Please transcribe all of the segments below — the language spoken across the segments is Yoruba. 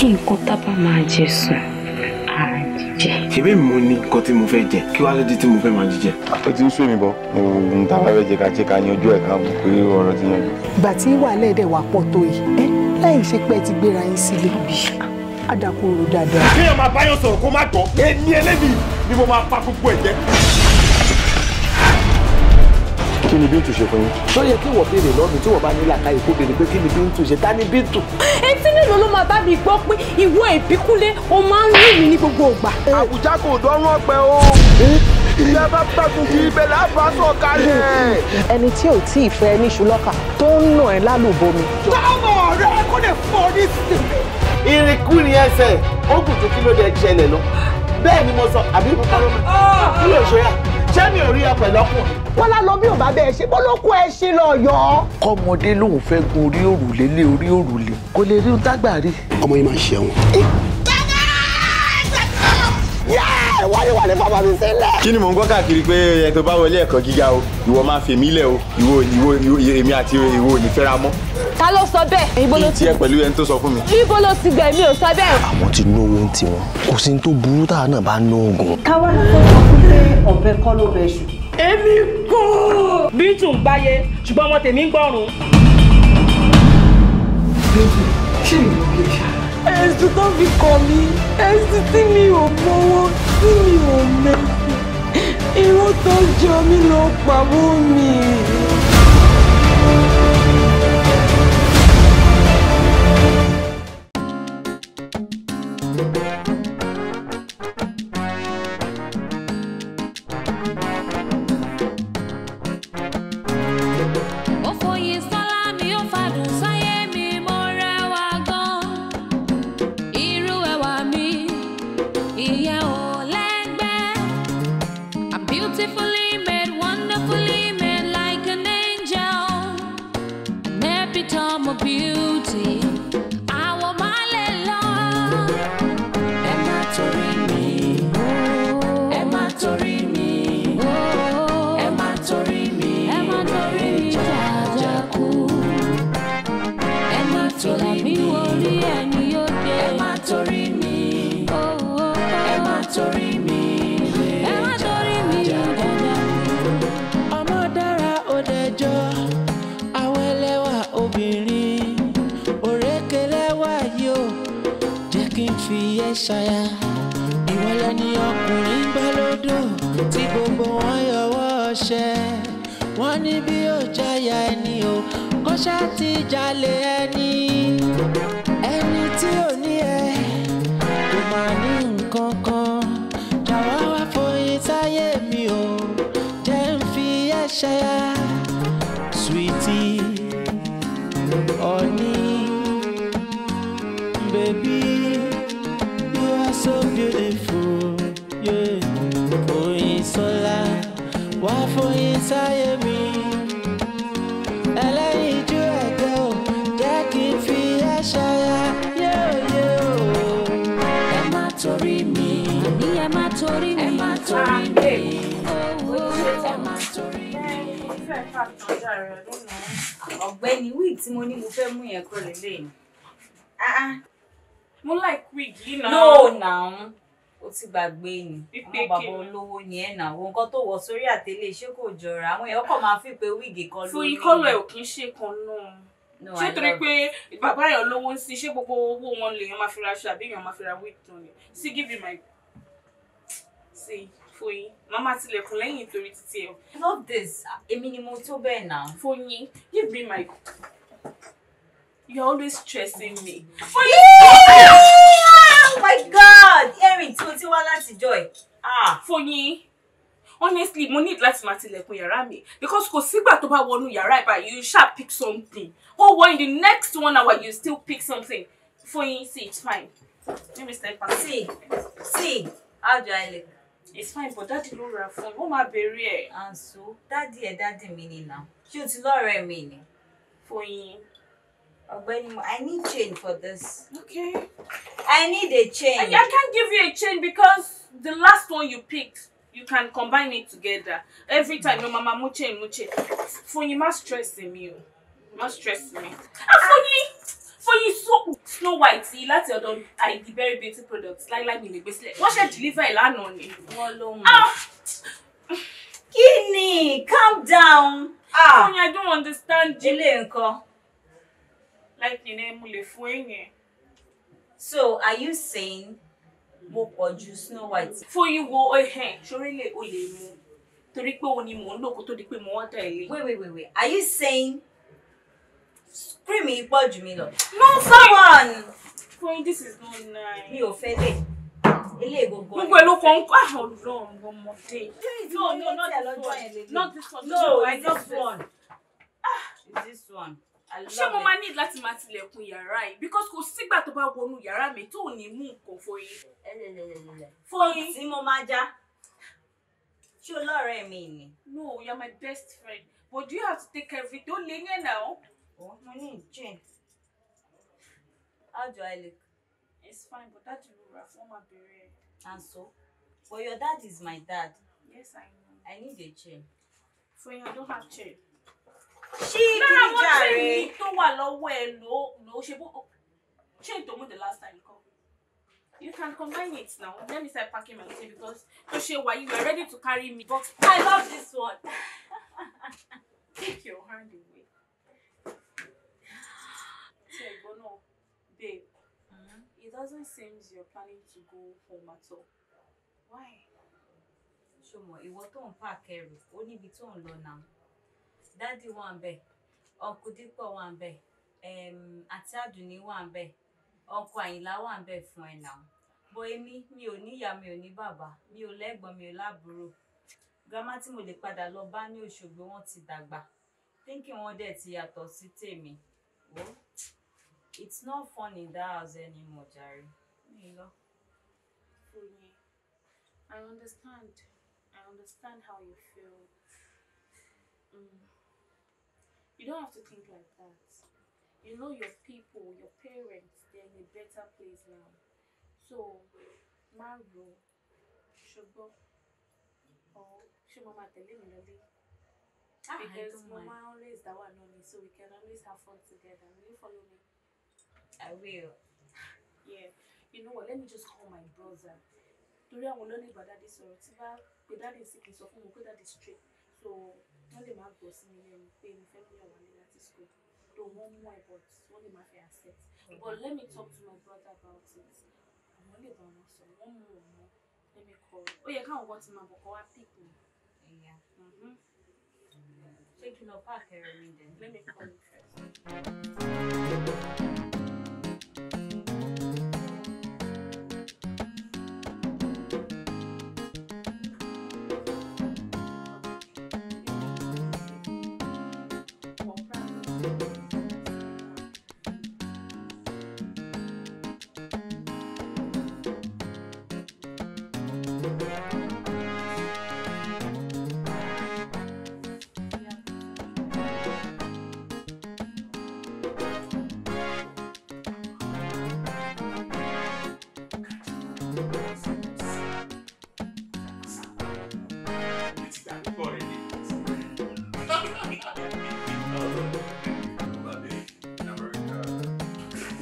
kí nǹkan tábà máa jẹ sùn ara jíjẹ. ṣebí mo ní nǹkan tí mo fẹ́ jẹ kí wàá lóde tí mo fẹ́ máa jíjẹ. ó ti ń sún mi bọ mo ń ta bàbá jẹ ká jẹ ká yanjú ẹ ká mọ̀ pé ọ̀rọ̀ ti yanjú. ìgbà tí wàhálà ẹ̀dẹ̀ wà pọ̀ tó yìí ẹ láì ṣe pé ẹ ti gbéra yín sílé adakoro dáadáa. kéèyàn máa báyọ̀ sọ̀rọ̀ kó má gbọ́ pé ní eléyìí ni mo máa pa gbogbo ẹ̀ jẹ́ kí ni Bíntù ṣe fún yín. tó yẹ kí wọ́n béèrè lọ́dún tí wọ́n bá ní làkàyè kó béèrè pé kí ni Bíntù ṣe ta ni Bíntù. ẹ mélòó ló máa bá mi gbọ́ pé ìwọ ìbíkúlé o máa ń rí mi ní gbogbo ìgbà. àwùjá kò dọ́rùn ọ̀pẹ o ìyá bá gbàgbọ́ kí ibẹ̀ láfa sọ̀kalẹ̀. ẹni tí ò tí ì fẹ́ ní ṣùlọ́kà tó ń nà ẹ́ lálùbọ́mi. táwọn ọ̀rẹ́ kò lè fọ ní sinmi. irinkurin ẹsẹ̀ ó gùn tó kí ló dé jẹlẹ̀ lọ bẹ́ẹ̀ ni mo sọ àbí mo parọ́ mọ́ ah. kí ló ṣe yà ṣé mi ò rí ẹ pẹ̀lú ọkùnrin. wọn lá lọ bí ò bá bẹ ẹ ṣe bó ló kó ẹ ṣe lọ yọ. kọ́mọdé lòun fẹ́ gun orí òrùlé lé orí òrùlé kò lè rí ohun tágbà rí. ọmọ yìí máa ń ṣe wọn ìwádìí wà ní fáwọn mi sílẹ̀. kí ni mò ń gbọ́ káàkiri pé ẹni tó bá wọlé ẹ̀kọ́ gíga o ìwọ máa fèmí lẹ̀ o ìwọ ìwọ èmi àti ìwọ ò ní fẹ́ra mọ́. ta ló sọ bẹ́ẹ̀. ibo ló ti tiẹ̀ pẹ̀lú ẹni tó sọ fún mi. ibo ló ti gbẹ̀ mi ò sọ bẹ́ẹ̀. àwọn ti ná owó tiwọn kò sí tó burú táwa náà bá ná oògùn. káwá ló tó sọ fún pé ọ̀bẹ kọ́ ló bẹ ṣù. èmi kò. bíntù ń ṣùgbọ́n ẹ̀sùn tó fi kàn mí ẹ̀sùn tí mi ò mọ́wọ́ tí mi ò mẹ́sì irọ́ tó jọ mí ló pamọ́ mi. o kó ṣáà ti jalè ẹni ẹni tí ò ní. rẹ̀ lónìí. ọ̀gbẹ́ni wig tí mo ní mo fẹ́ mú yẹn kọ́ lélẹ̀ ni. Ah, ah. mo like wig yìí náà. no now o ti gbàgbé ni àwọn bàbá olówó ni ẹ nà àwọn nǹkan tó wọ sórí àtẹlé ṣé kò jọra àwọn èèyàn kàn máa fi pé wíìgì kan lórí. fún ikọ́ lọ ẹ̀ ò kí ń ṣe kan náà ṣé torí pé bàbá èèyàn lówó ń sí ṣé gbogbo owó wọn lèèyàn máa fi ra aṣọ àbí èèyàn máa fi ra wíìgì tán ni sí give me my see. Foyin, màmá tilẹ̀kùn lẹ́yìn torí títí ẹ̀. I love this. Èmi ni mo tó bẹ́ẹ̀ náà. Foyin, give me my. You're always stressing me. Foyin! Oh my God! Erin tí o ti wá látijọ́ ẹ̀. Ah, Foyin, honestly, mo need láti máa tilẹ̀kùn yàrá mi because kò sígbà tó bá wọnú yàrá ẹ̀ báyìí you sha pick something. Oh, well, in the next one hour you still pick something. Foyin, see, it's fine. Let me step back. See, see, how do I look? it's fine but dáàdì ló ra fún un ó máa béèrè ẹ̀. àǹsó dáàdì ẹ̀ dáàdì mi ni nà ṣé o ti lọ́ọ̀rẹ́ mi ni. Foyin. Ọ̀gbẹ́ni Mo, I need chain for this. Okay. I need a chain. I, I can't give you a chain because the last one you picked, you can combine it together. Every time, your mama mo change, mo change. Foyin, má stress mi o. Má stress mi. Ah, Foyin! fọyín soap snow white láti ọ̀dọ̀ id very beauty products láíláí mi lè gbé sílẹ̀ wọ́n ṣe deliver ẹ̀ lánàá ni. wọ́n ló mọ̀. Ah! kí ni calm down. ah, ah! i don't understand you. ilé nǹkan. láìpẹ́ ní mo lè fún èèyàn. so are you saying mo pọ̀ ju snow white. fọyín wo ẹ̀hẹ̀n eh, sórí eh, lè o lè mu torí pé o ni mò ń lò kó tó di pé mo wọ́n tẹ̀lé. wait wait wait wait are you saying cream me, pọ̀ jù mí lọ. no someone. Queen this is not nice. mi ò fẹ́ lè ilé ìgbogbo gbogbo ẹ ló kàn ń kọ́ àwọn olùdó ọmọdé. no no not this one not one ah this one ṣé mo máa need láti máa tilẹ̀kùn yàrá yìí because kò sígbà tó bá wọnú yàrá mi tó ní mú nǹkan fọyín. fọyín tí mo máa já ṣé olóòrè mi ni. no you are my best friend but you have to take everything ó lè yẹn náà. Oh, my name is Jane. How do I look? It's fine, but that will reform a period. And so? Well, your dad is my dad. Yes, I know. I need a chain. Friend, I don't have chain. Ṣí kìí jàre. tó wà lọ́wọ́ ẹ no. lò ṣe bó chain oh, tó mú the last time you come. You can combine it now. Let me start packing my chain because tó show why you are ready to carry me. But I love this one. Take your hand away. babe, mm-hmm. it doesn't seem you're planning to go home at all. Why? Ṣọmọ, ìwọ tó ń park ẹrù, ó níbi tó ń lọ náà. Dádì wà ń bẹ̀, ọkọ Dípọ̀ wà ń bẹ̀, àti Àdùnní wà ń bẹ̀, ọkọ Àyìnlá wà ń bẹ̀ fún ẹ náà. Bọ̀ èmi, mi ò níyá, mi ò ní bàbá, mi ò lẹ́gbọ̀n, mi ò lábúrò. Gírámà tí mo lè padà lọ bá ní Òṣogbo wọn ti dàgbà. Thinking wọn dẹ̀ ti yàtọ̀ sí tèmi. Wọ́n. It's not fun in that house anymore, Jerry. There you go. Funye, I understand. I understand how you feel. Mm. You don't have to think like that. You know your people, your parents, they're in a better place now. So, Margo, Shogo, or Shumama Telimilali. Because Mama always that one only, so we can always have fun together. Will you follow me? I will. Yeah. You know what? Let me just call my brother. Torí àwọn lónìí bá dáadé sọ̀rọ̀ tí bá pé dáadé sì kì í sọ fún mi pé dáadé straight. So wọ́n lè máa gbọ́ sí mi lẹ́nu pé mo fẹ́ mú ìyàwó mi láti school. Though wọ́n mú ẹ̀ but wọ́n lè máa fẹ́ accept. But let me talk to my brother about it. Àwọn lè bá wọn sọ, wọ́n mú wọn mọ́. Let me call. Ó yẹ káwọn wọ́n ti máa bọ̀ kọ́ wá pick me. Ẹ̀yà. Mm-hmm. Ṣé kí n lọ páàkì ẹ̀rọ mi dẹ̀? Let me call you first.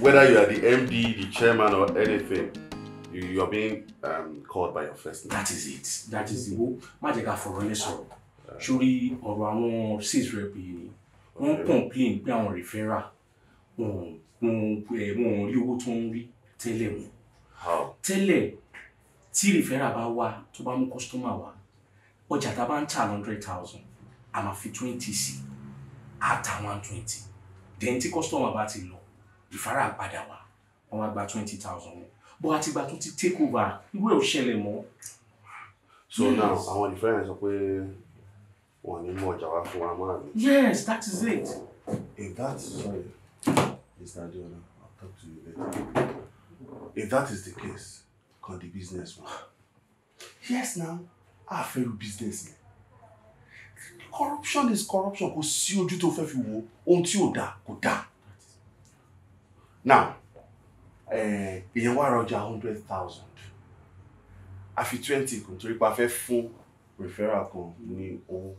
whether you are the MD, the chairman, or anything, you, you are being um, called by your first name. That is it. That is the whole. jẹ́ for fọ̀rọ̀ yẹn sọ̀rọ̀. Sórí ọ̀rọ̀ àwọn sales rep yìí ni wọ́n complain pé àwọn referral wọn ò rí owó tó ń rí tẹ́lẹ̀ wọn. Tẹ́lẹ̀ tí referral about what? tó bá mú customer What? ọjà tá a bá ń hundred thousand a fit fi C. At àtàwọn twenty. Then tí customer about it rìfárà padà wá wọn wá gba twenty thousand wọn bó a ti tó ti take over irú ẹ̀ ò ṣẹlẹ̀ mọ́. so yes. now àwọn rìfárà sọ pé wọn ní mú ọjà wá fún wa máa mi. yes that is it. if that is sorry mr adeola i will talk to you later if that is the case call the business man. yes now a fẹ́ ru business yẹn corruption is corruption kò sí ojú tó fẹ́ fi wo ohun tí ò dáa kò dáa now eh, èèyàn wá ra ọjà hundred thousand àfi twenty kù torí pa fẹ́ fún referral kan ní owó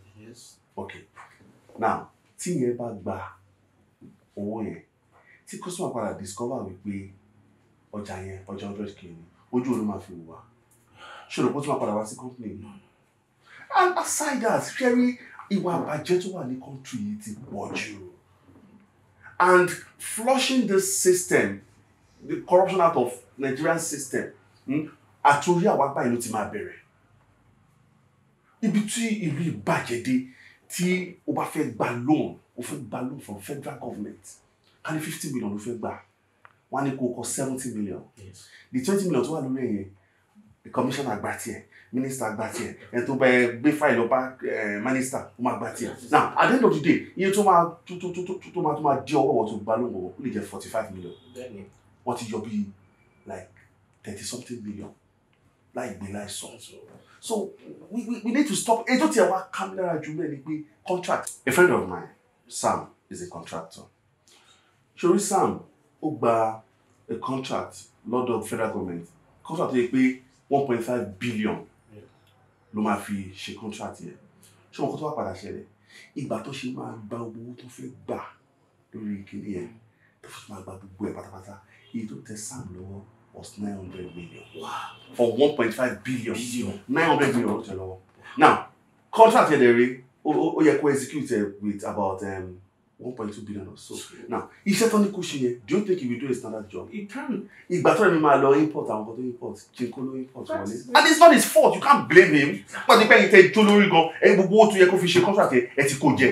ok now tí yẹn bá gba owó yẹn tí customer padà discover wípé ọjà yẹn ọjà hundred k ni ojú òun máa fi wà ṣòro pé ó tún máa padà wá sí company náà and aside that ṣẹ́rí ìwà àbàjẹ́ tó wà ní country yìí ti pọ̀ jù and flushing this system the corruption out of Nigerian system hmm, àtúnrí àwa báyìí ló ti máa bẹ̀rẹ̀ ibi tí ìlú ìbàjẹ́ dé tí o bá fẹ́ gba loan o fẹ́ gba loan from federal government ká ní fifty million ló fe gbà wọ́n á ní seventy million the twenty million tó wà lórí ẹ̀yẹn kọmíṣánná àgbà tiẹ̀ minister àgbà tiẹ̀ ẹni tó bẹ gbé fáìlì ọba eh, minister, ó máa gbà tiẹ̀ now at the end of the day iye tó máa tó tó tó tó máa tó máa di ọwọ́ tó bá lóun wọ̀ ó lè jẹ́ forty five million wọ́n ti yọ bíi like thirty something million láì gbé láì sọ so we, we, we need to stop ètò tí ẹ wá kámẹ́rà jù mẹ́rin ni pé contract a friend of mine Sam is a contractor sori Sam ó gba a contract lọ́dọ̀ federal government contract tó yẹ pé. 1.5 billion ló máa fi ṣe contract yẹn ṣé wọn kó tó wá padà ṣẹlẹ̀ ìgbà tó ṣe máa gba owó tó fẹ́ gbà lórí kìnìún yẹn tó fi máa gba gbogbo ẹ̀ pátápátá iye tó tẹ sam lọ́wọ́ was nine hundred million for one point five billion nine hundred million ló tẹ lọ́wọ́ now contract yẹn dẹ̀ rí ó yẹ kó execute with about. Um, 1.2 billion or so now iṣẹ́ tó ní kó ṣe yẹn do you think he will do a standard job he can ìgbà tó rẹ̀ mi máa lọ import àwọn kan tó import chinko ló import wọlé and it's not his fault you can't blame him pàtó pé ẹ̀yin tẹ́ jó lórí gan ẹ̀yin gbogbo owó tó yẹ kó fi ṣe contract yẹn ẹ ti kó jẹ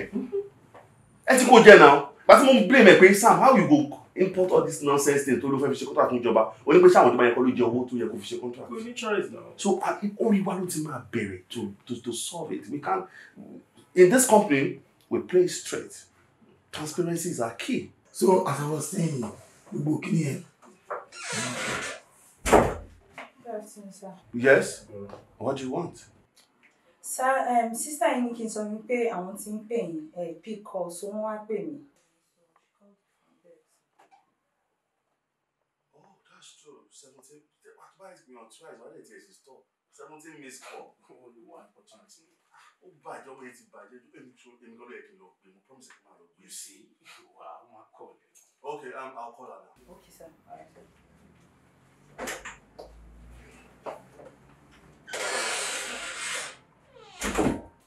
ẹ ti kó jẹ náà pàtó mo ń blame ẹ pé Sam how you go import all this nonsense thing tó ló fẹ́ fi ṣe contract fún ìjọba ó ní pé sáwọn ìjọba yẹn kọ́ ló jẹ owó tó yẹ kó fi ṣe contract. We need choice now. so orí wa ló ti máa bẹ̀rẹ̀ to to solve it we can in this company we play straight transparency is our key. So as I was saying, gbogbo kini here. Yes. What do you want? Sir, um, sister I need kí n I want pé àwọn Hey, eh, pick call so wọ́n wá pay me? Oh, that's true. Seventeen. why is me on twice. Why did it stop? Seventeen missed call. Only one opportunity ó bàjẹ́ ọmọ yẹn ti bàjẹ́ ju èmi tó èmi lọ́dọ̀ yẹ kí n lọ pé promise kí n máa lọ gbé. you see wa ó máa call you. okay um, i'll call her now. okay sir. All right.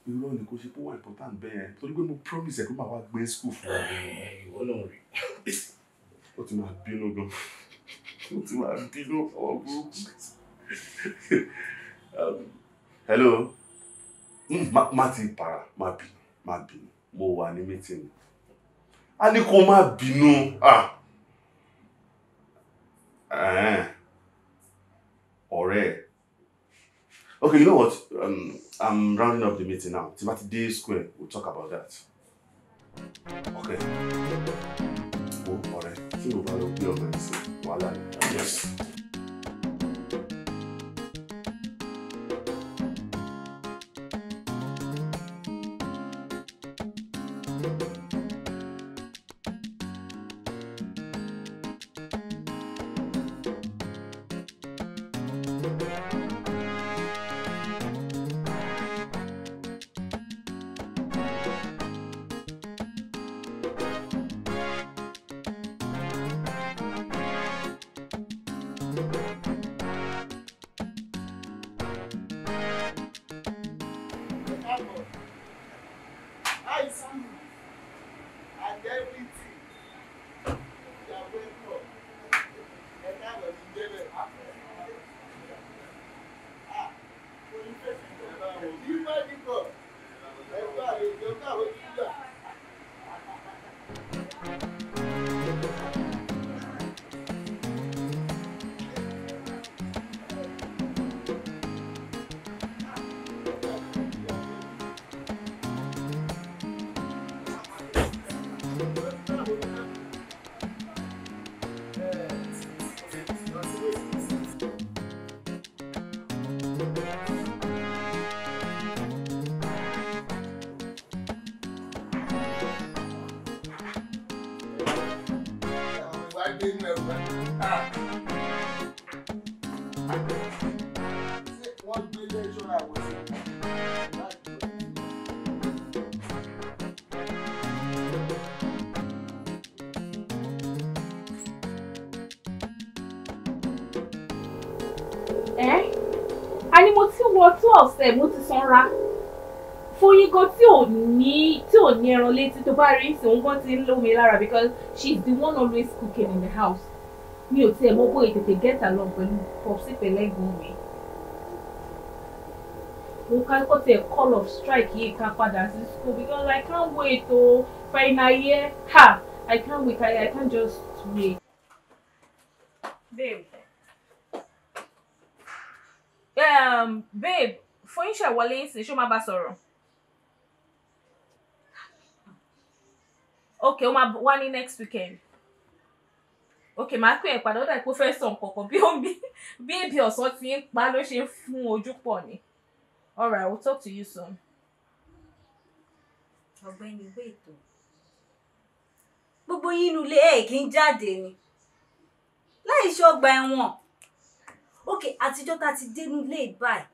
irọ́ ni kò ṣe pé wà important bẹ́ẹ̀ torí pé mo promise ẹ̀ pé màá wá gbé school fún ẹ. Eh, ìwọ náà rí. ó ti máa bínú gan ó ti máa bínú ọ̀rọ̀ burúkú. Um, hello má ti para má bínú má bínú mo wà ní mítìnì a ní kó má bínú ọ̀rẹ́ ẹ̀ okay you know what um, i'm rounding up the meeting now tí bá ti dé square we'll talk about that okay o ọ̀rẹ́ tí mo bá lọ gbé ọmọ ẹ sí wàhálà ni. ọ̀sẹ̀ mo ti sanra Fóyin kan tí ò ní tí ò ní ẹran létí tó bá rí sí òun kan ti ń lómi lára because she's the one always cooking in the house mi ò tiẹ̀ mọ̀ bóyá tètè get along pẹ̀lú popsi pẹ̀lẹ́gùn mi mo ká kó tiẹ̀ call of strike yìí ká padà sí school because I can't wait o final year ha I can't wait I, I can't just wait. wọlé ń sìn ṣó máa bá sọ̀rọ̀ ok ó máa wá ní next weekend ok màá pè ẹ́ padà ó dà pé fẹ́ sọ nǹkan bí ó ń bí bí èbì ọ̀sán ti ń pa ló ṣe ń fún ojú pọ̀ ni alright we'll talk to you soon. ọ̀gbẹ́ni ìwé ètò gbogbo yín inú ilé ẹ̀ kì í jáde ni láì ṣe ọgbà ẹ̀wọ̀n òkè àtijọ́ tá a ti dénú ilé ìbáyìí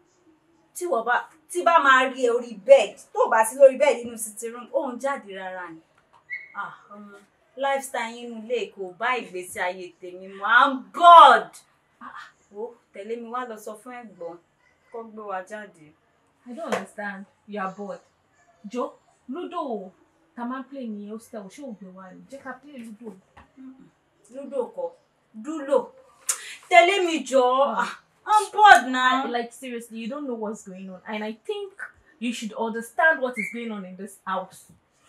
tí wọ́n bá tí bá máa rí ẹ orí bed tó bá sí lórí bẹ́ẹ̀dì nínú sitting room òun jáde rárá ni ah, lifestyle yín nu lè kó bá ìgbésí ayé tèmi mu i'm god ó ah, tẹ̀lé mi wá lọ sọ fún ẹ̀gbọ́n kó gbé wa jáde. i don't understand you are bored jo ludo ta máa ń play ní hostel ṣé ò gbé wa ni jẹ́ ká play ludo. ludo kọ́ dúlò tẹ̀lé mi jọ. Ah. ah. I'm bored now. I, like seriously, you don't know what's going on, and I think you should understand what is going on in this house.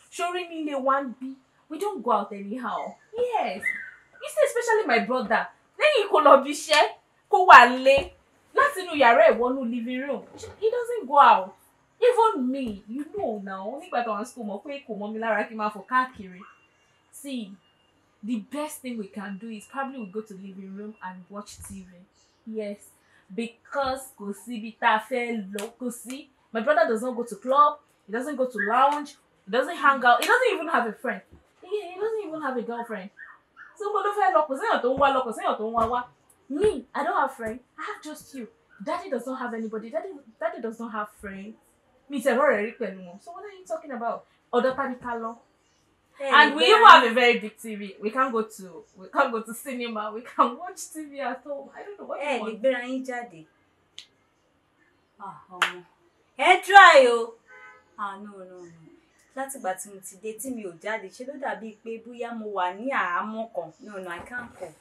Showing me the one B, we don't go out anyhow. Yes, you see, especially my brother. Lẹ́yìn kò lọ bí iṣẹ́ kó wà lé láti inú yàrá ẹ̀ wọnú living room. He doesn't go out. Even me, you know now, nígbà tó wà ní school mọ̀ pé kò mọ́ mi lára kí n máa fò See, the best thing we can do is probably we go to living room and watch TV. Yes, because kò sí ibi tá a fẹ́ lọ kò sí my brother does not go to club he doesn't go to lounge he doesn't hang out he doesn't even have a friend he, he doesn't even have a girlfriend so mo ló fẹ́ lọ kò séèyàn tó ń wá lọ kò séèyàn tó ń wá wá me i don't have friend i have just you daddy does not have anybody daddy daddy does not have friend mi tẹ̀ rọ̀rẹ̀ rí pẹ̀lú wọn so what are you talking about ọ̀dọ̀ tani ká lọ and we even have a very big TV. We can't go to we can't go to cinema. We can watch TV at home. I don't know what hey, you want. Ìgbéra Ah, ọmọ. Um, ẹ try o. Ah, no, no, no. That's about mo ti dé tí mi she jáde, ṣé big baby. pé bóyá mo wà ní No, no, I can't call.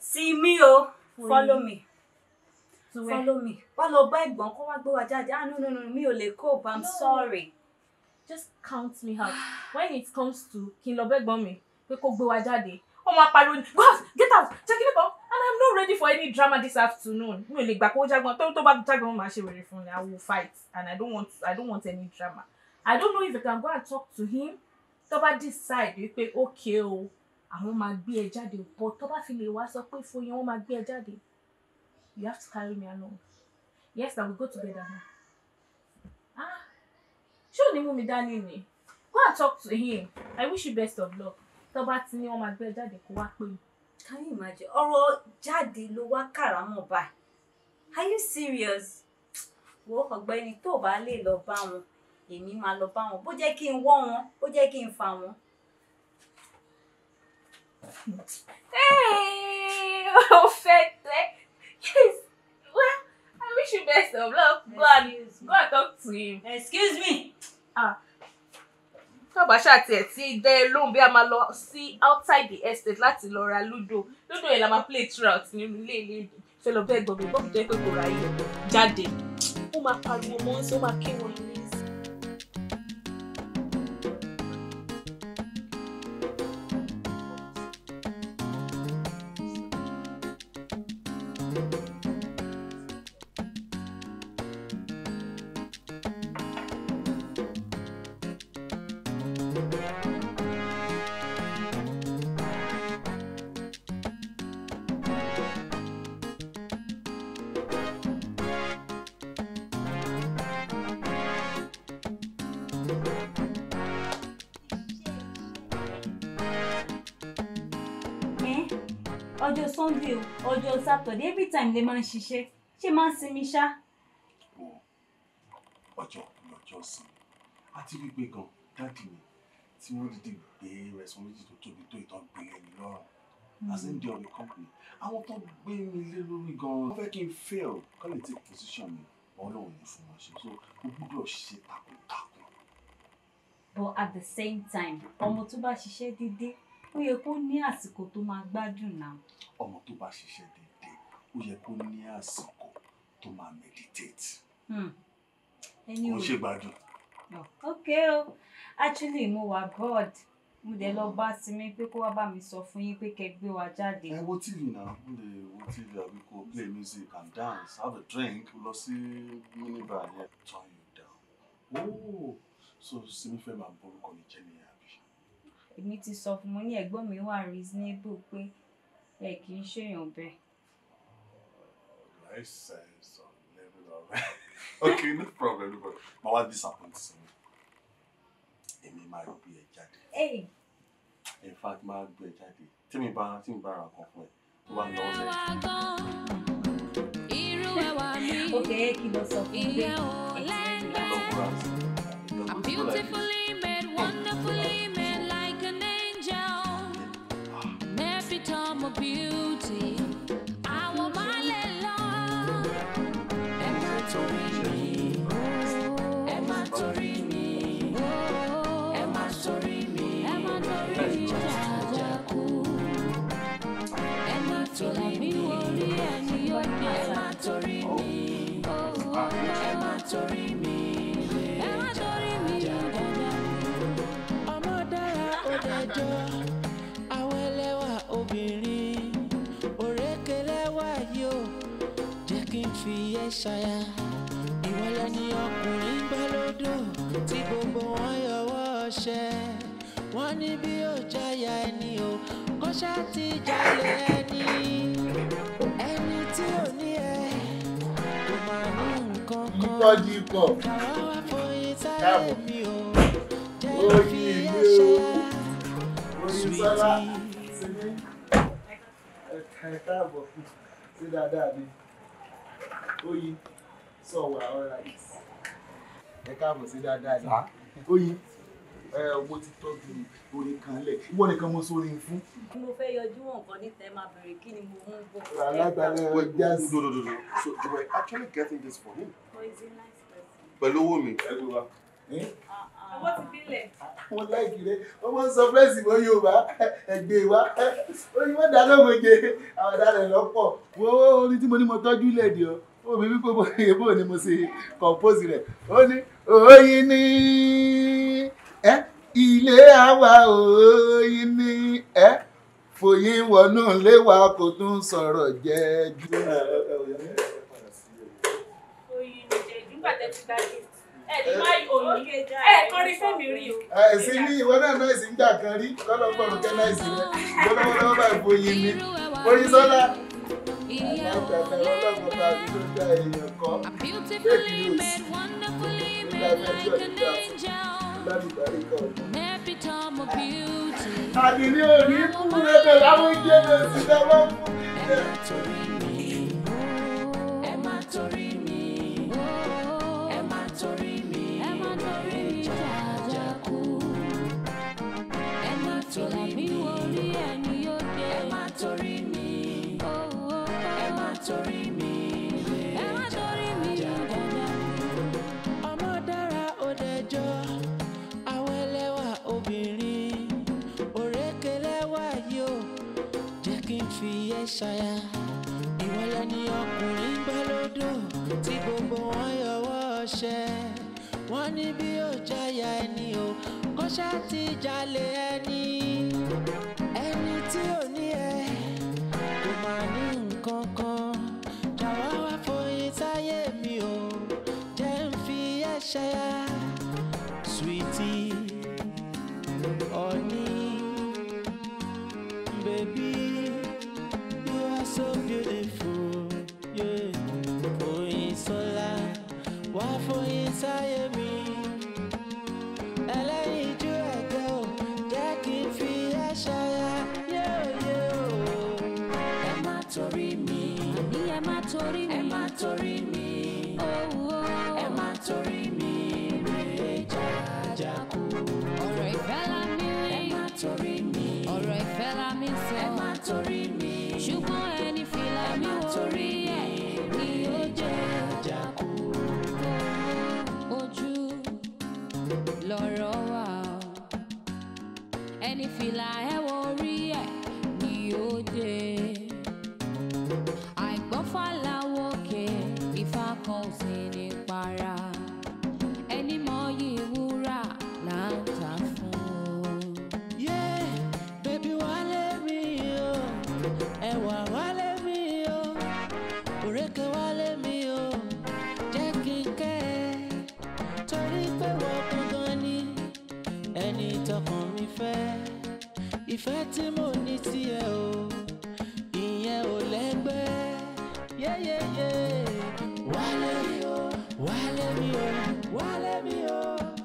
See me, o. Follow me. Follow me. Wá lọ bá ẹ̀gbọ́n kó wá gbé wa jáde. Ah, no, no, no, Me, oh, lè cope. I'm no. sorry just count me out when it comes to kí n lọ bẹ́gbọ́n mi pé kó gbé wa jáde ó máa pariwo ni go out get out jẹ́ kí ni bọ́ and i'm not ready for any drama this afternoon mi ò lè gbà kó jágbọ́n tó tó bá jagun mo máa ṣe wèrè fún mi i will fight and i don't want i don't want any drama i don't know if i can go and talk to him tó bá decide wípé okay o àwọn máa gbé ẹ jáde bọ́ tó bá fi lè wá sọ pé fún yẹn wọ́n máa gbé ẹ jáde you have to carry me along yes i will go together now ṣé ò ní mú dání ni go and talk to him i wish you best of luck tó bá ti ní wọn máa gbé jáde kó wá pé mi. can you imagine ọ̀rọ̀ jáde ló wá kàràmọ̀ báyìí are you serious wo ọ̀gbẹ́ni tó bá lè lọ bá wọn èmi máa lọ bá wọn bó jẹ́ kí n wọ́ wọn bó jẹ́ kí n fà wọn. ó fẹ́ tẹ́ yes well i wish you best of luck go and go and talk to him. excuse me tọ́ba ṣàtì ẹ̀ tí dẹ́ lóhùn bí a máa lọ sí outside the estate láti lọ ra ludo ludo yẹn la máa play throughout nínú ilé ilé ìdè fẹ́ lọ bẹ́ẹ̀ gbọ̀ngbọ̀n gbọ́dọ̀ jẹ́ pé kò ráyè jáde ó máa pariwo mọ́ ó máa kí wọn ní ọjọ́ sunday o ọjọ́ saturday every time lè máa ń ṣiṣẹ́ ṣé máa ń sinmi ṣá. ọjọ́ lọ́jọ́ sí àti wípé gan dáàdì mi tí wọ́n dìde gbé rẹ̀sán méjì tó tóbi tó ìtàn gbé ẹni lọ́rùn as in the other company àwọn tó gbé mi lé lórí gan wọ́n fẹ́ kí n fail kọ́ lè take position mi ọlọ́run ní fún wọn ṣe so o gbúdọ̀ ṣe takuntakun but at the same time ọmọ tó bá ṣiṣẹ́ déédéé ó yẹ kó ní àsìkò tó máa gbádùn náà. ọmọ tó bá ṣiṣẹ́ déédéé ó yẹ kó ní àsìkò tó máa meditate. ẹni hmm. o kò ṣe gbádùn. ok o actually mo wà bored mo dẹ̀ lọ bá sinmi pé kó wá bá mi sọ fún yín pé kẹ́ gbé wa jáde. ẹ wo tv náà mo lè wo tv àbí kó play music and dance have a drink lọ sí minibar yẹn turn you down. Oh so simi fẹ́ máa borúkọ mi jẹ́ nìyẹn àbí. èmi ti sọ fún mo ní ẹ̀gbọ́n mi wà reasonable pé ẹ kì í ṣèyàn bẹ́ẹ̀. I said so level of okay no problem no problem my wife disappoint me èmi máa gbé ẹ jáde. in fact máa gbé ẹ jáde tí mi bá tí mi bá ra nǹkan fún ẹ tó bá ń lọ ọsẹ. irú ẹwà mi ìyẹn ò lẹ́gbẹ̀ẹ́. I'm beautifully made, wonderfully made like an angel. And every time of beauty, I want my love. Emma Torini, Emma Torini, Emma Torini, Emma Torini, Jajaku, Emma Torini, Emma Torini, Emma Torini. ṣaya ìwọ lẹni ọkùnrin ń gbọ́ lódò tí gbogbo wọn yọwọ́ ọṣẹ wọn ní bí ó jáya ẹni o kó ti jalè ẹni ẹni tí ò ní ẹ kò máa ní nǹkan kan káwọn wá foyín sáyé mi o jẹ́ fi ẹṣẹ́ sweetie. Oyin sọ wà ọ̀rá yìí. Ẹ káàbọ̀ sí dáadáa ni. Oyin mo ti tọ́jú orin kan lẹ̀ ìwọ nìkan mo sọ orin fún. Mo fẹ́ yọjú wọn kan níta ẹ máa bèrè kí ni mo mú bọ̀. Alágbàlẹ̀ wọ jazz. No no no no so you were actually getting this for him. Pẹ̀lú owó mi. Ẹ gbé wa ah, ah. owó ti délẹ̀. wọ́n láìkì rẹ̀ ọmọ sọpẹ́sì mọ́ yorùbá ẹgbẹ́ wa oyin mọ́ dáná mo jẹ àwọn ọ̀daràn lọ́pọ̀ wọ́n orin tí mo ní mo tọ́jú lẹ̀ dì ọ́ ó bí wípé bóyá bóyá ni mo ṣe compose rẹ̀ ó ní oyin ní ẹ ilé àwa oyin ní ẹ fòyín wọnú ilé wa kò tún sọ̀rọ̀ jẹ́ jù. oyin ìjẹ̀jú gbàtẹ́ ti dá dé ẹ̀sìn ní ìwọ náà náà sì ń gbà kan rí lọ́lọ́gbọ̀n kẹ́ náà sì rẹ̀ lọ́lọ́wọ́lọ́wọ́ báyìí fòyín mi oyin sọ́lá àgbàtà ọlọ́run bá mi ló dá èèyàn kọ́ fake news nígbà mẹ́jọ ìgbà lálùbáríkà ọ̀dọ́. àdìní òní kú ebè láwọn ìjẹ́ mi sí dáwọ́ fún mi jẹ́. ẹ má torí mi ẹ má torí mi ẹ má torí mi jàjà kú ẹ má torí mi orí ẹni yóò dé ẹ má torí mi torí mi lè jà. ẹ má torí mi lè jà. ọmọ dára ó dẹjọ́ àwọn ẹlẹ́wà obìnrin òrékelẹ́wà yóò jẹ́ kí n fi ẹ́ ṣaya. ìwọlẹ̀ ni ọkùnrin gbọ́ lódò tí gbogbo wọn yọwọ́ ọṣẹ wọ́n ní bí ó jáyà ẹni o kó ti jalè ẹni ẹni tí ò ní ẹ. share, sweetie, honey, baby, you are so beautiful, yeah. Oyinsola, wá f'oyin sáyé mi, ẹlẹ́yinjú ẹ̀gẹ́ o, jẹ́ kí n fi ẹ́ ṣaya, yóò yóò. Ẹ má torí mi, àní ẹ má torí mi, ẹ má torí mi, ẹ má torí mi. torí mi. ọ̀rọ̀ ìfẹ́ la mi sọ ẹ má torí mi. ṣùgbọ́n ẹni fìlà mi wò rí ẹ̀ ni ó jẹ́ ọjà kú. ojú lọ̀rọ̀ wà ẹni fìlà ẹ. ìfẹ́ tí mo ní sí ẹ o ìyẹn ò lẹ́gbẹ́ yéyéyé. wálé mi o wálé mi o wálé mi o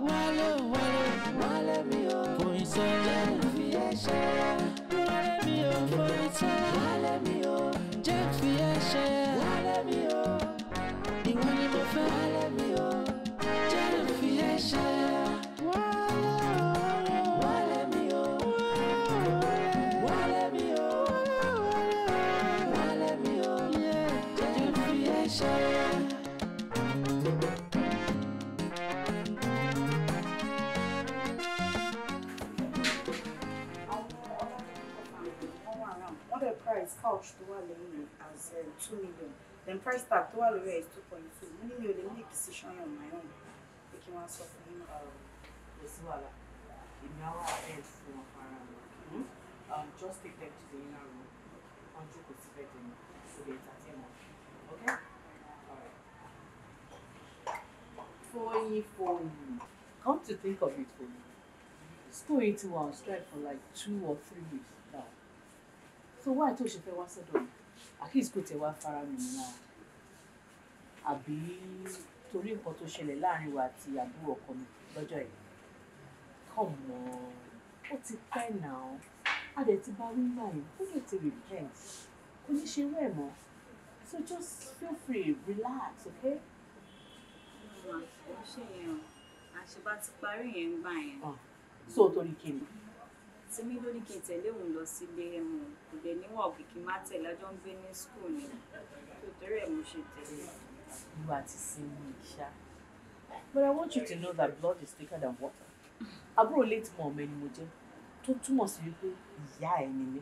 wálé wálé wálé mi o kò ì sọ lẹ́nu fi ẹ ṣe wálé mi o forí tán wálé mi o jẹ́ fi ẹ ṣe. wọ́n dẹ̀ price couch tó wà lẹ́yìn rẹ̀ as two million then price tag tó wà lórí is on my own just take them to the inner room wọ́n jókòó síbẹ̀ them. So ìṣòro Foyi Foyi. Come to think of it, Foyi, school ain't too on strike for like two or three weeks now. So why tó ṣe fẹ́ wá sọ́dọ̀ mi? At least kò tẹ̀ wá fara mi náà. Àbí torí nǹkan tó ṣẹlẹ̀ láàrin wa àti àbúrò ọkọ mi lọ́jọ́ yìí. Come on, ó ti pẹ́ náà. A dẹ̀ ti bá wí náà yìí, ó lè ti repent. Kò ní ṣe wẹ́ẹ̀ mọ́. So just feel free, relax, okay? Ah, so torí kí ni. tèmi kí n tẹ̀lé òun lọ sílé ẹ̀wọ̀n kò dẹ̀ níwọ̀n má tẹ̀ lájọ́ ń gbé ní skul ni tó torí mo ṣe tẹ̀lé. you are to see but i want you to know that blood is thicker than water. àbúrò late mọ ọmọ ẹni mo jẹ tó túmọ̀ sí wípé ìyá ẹ ni mí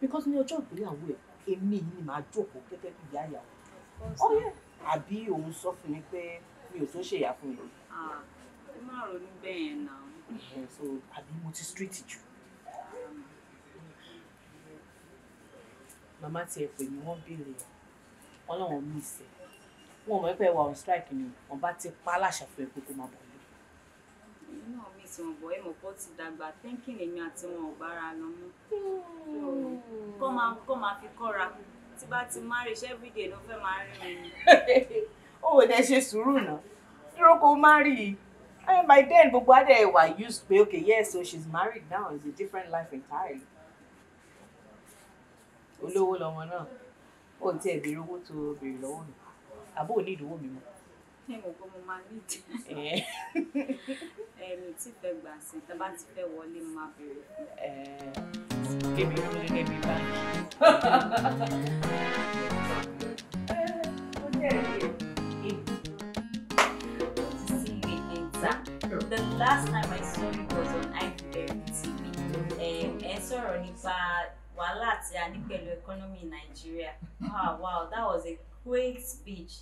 because ní ọjọ́ ìgbéyàwó ẹ èmi yìí ni màá jókòó gẹ́gẹ́ bí ìyá ìyàwó. ọ̀yẹ́ oh àbí òun sọ fún mi pé mi ò tún ṣèyà fún mi. ẹ má ronú bẹ́ẹ̀ yẹn náà. so àbí mo ti street jù. màmá tiẹ̀ pè mí wọ́n béèrè wọn làwọn mí ìsẹ̀ wọn ò mọ̀ pé wà on strike ni wọn bá ti pa aláṣà fún ẹ pé kó máa bọ̀ lé. èyí náà mi ti wọn bọ ẹ mọ̀ pé ó ti dàgbà tẹ́ńkì lèmi àti wọn ò bára lọ mọ́ hmm. kó máa fi kọ́ra tí bá ti marry everyday ló fẹ́ máa rí mi. ó wò dẹ ṣe sùúrù náà dúró kó má rí i and by then gbogbo adé wà used pé okay yes so she's married now it's a different life entirely olówó lọmọ náà ó ti ẹ̀ béèrè owó tó béèrè lọ́wọ́ mi àbó ò ní ìdówó mi mọ́. ẹ mọ̀ pé mo máa ní ìdí. ẹ̀mí tí fẹ́ gbà sí tá bá ti fẹ́ wọlé mo máa béèrè fún. kébì ló ń lé bí báyìí. ó jẹ́ ìdí. the last time I saw you was on IPEC TV. Eh, ẹ sọ̀rọ̀ nípa wàhálà tí a ní pẹ̀lú economy in Nigeria. Wow, ah, wow, that was a great speech.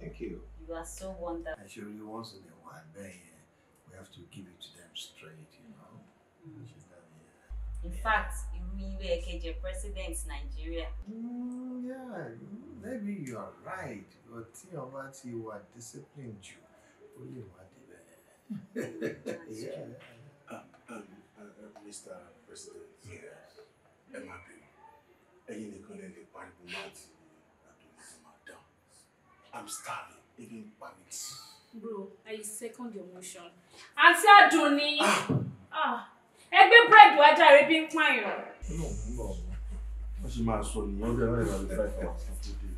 Thank you. You are so wonderful. Actually, once in a while, bẹ́ẹ̀ yẹn, we have to give it to them straight, you know. Mm-hmm. Yeah. In fact, irú irú ẹ̀kẹ́jẹ̀ president Nigeria. Mm, yeah, maybe you are right, but tí ọba you are disciplined You only lè yeah. Um, um, um, um uh, Mr. President. Yeah. Ẹ má bínú. Ẹ̀yin nìkan lè lè pariwo láti àdúgbò máa dán. I'm starving, even panic. Bro, I second your motion. Àǹtí Àdùnní. Ah! Ah! Ẹgbẹ́ búrẹ́dì wá jàre bí ń pààyàn. Nínú No, no, wọ́n ṣe máa sọ nìyẹn bí ẹ̀rọ ìrọ̀lẹ́ fẹ́ fẹ́ fún dídé.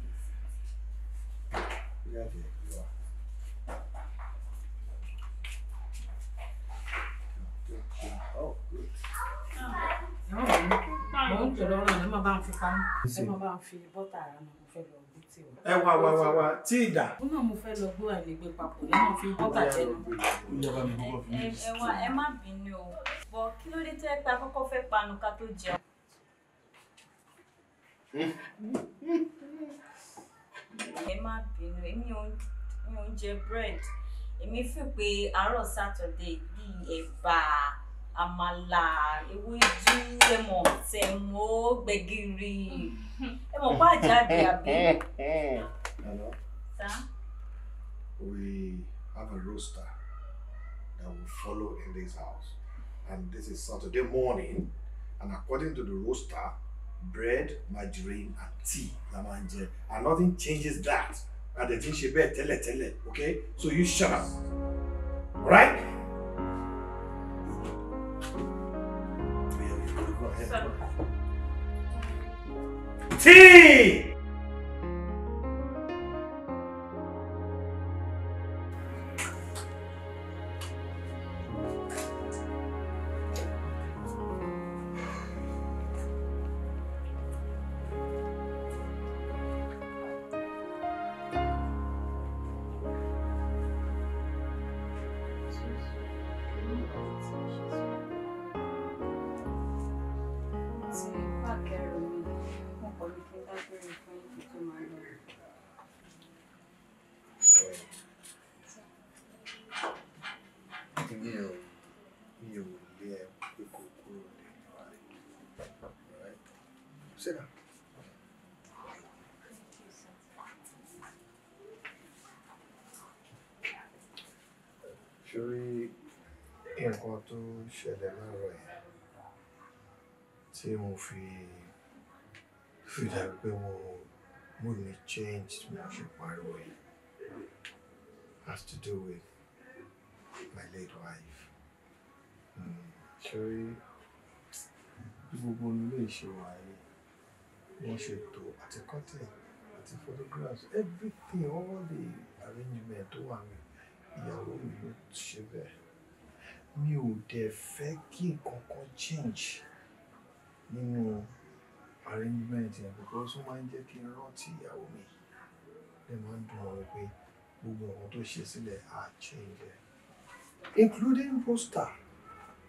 ẹ wá wá wá wá tí ìdá. ó náà mo fẹ́ lọ gbó àlégbé papọ̀ lọ́nà fi bọ́tà jẹnu. ẹ wá ẹ má bínú o bọ kí ló dé tẹ́ ta kọ́kọ́ fẹ́ panu ká tó jẹun. ẹ má bínú èmi ò ń jẹ búrẹ́dì èmi fi pé àárọ̀ sátọ̀dẹ̀ bíi ẹ̀bà. E àmàlà ewédú ẹmọ tẹmọ gbẹ̀gìrì ẹmọ bá jáde àbí. We have a rooster that will follow in this house, and this is Saturday morning. And according to the rooster, bread, margarine, and tea, lamanje, and nothing changes that. And the thing she bear, tell it, tell it, okay? So you shut up, all right? T! fi fi dàbí pé mo mo ní change tí mo fi pariwo yìí has to do with my late wife. Ṣé hmm, bí gbogbo onílé ìṣòwò ayé wọ́n ṣètò àti cutting àti photographs everything all the arrangement tó wà mí ìyàwó mi ló ṣe bẹ́ẹ̀ mi ò dẹ̀ fẹ́ kí nǹkan kan change nínú arrangement yẹn because ó máa ń jẹ́ kí n rántí ìyàwó mi lè máa ń dùn ọ̀rọ̀ pé gbogbo ọ̀rọ̀ tó ṣe sílẹ̀ á change including poster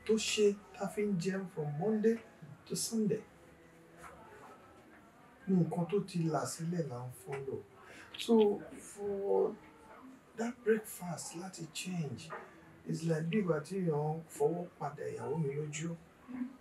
tó ṣe tá a fi from Monday to Sunday nǹkan tó ti là sílẹ̀ là ń follow so for that breakfast láti change it's like bí ìgbà tí èèyàn fọwọ́ padà ìyàwó mi lójú. Mm -hmm.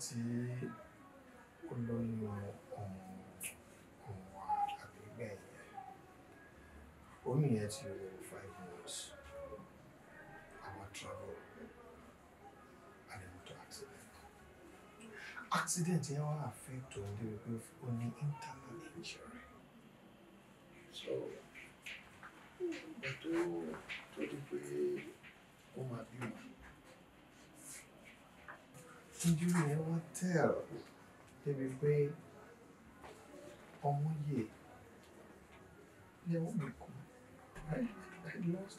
tí ó ọ̀hún ọ̀hún wà àbí gbẹ̀yìn oyún ti lò five months Our travel and a motor accident accident yẹn wá affect òun débi pé ó ní internal injury so ìgbà tó tó di pé ó máa bímọ ojú yẹn wọ́n tẹ̀ débi pé ọmọ yè lẹ́wọ̀n mi kú I, I lost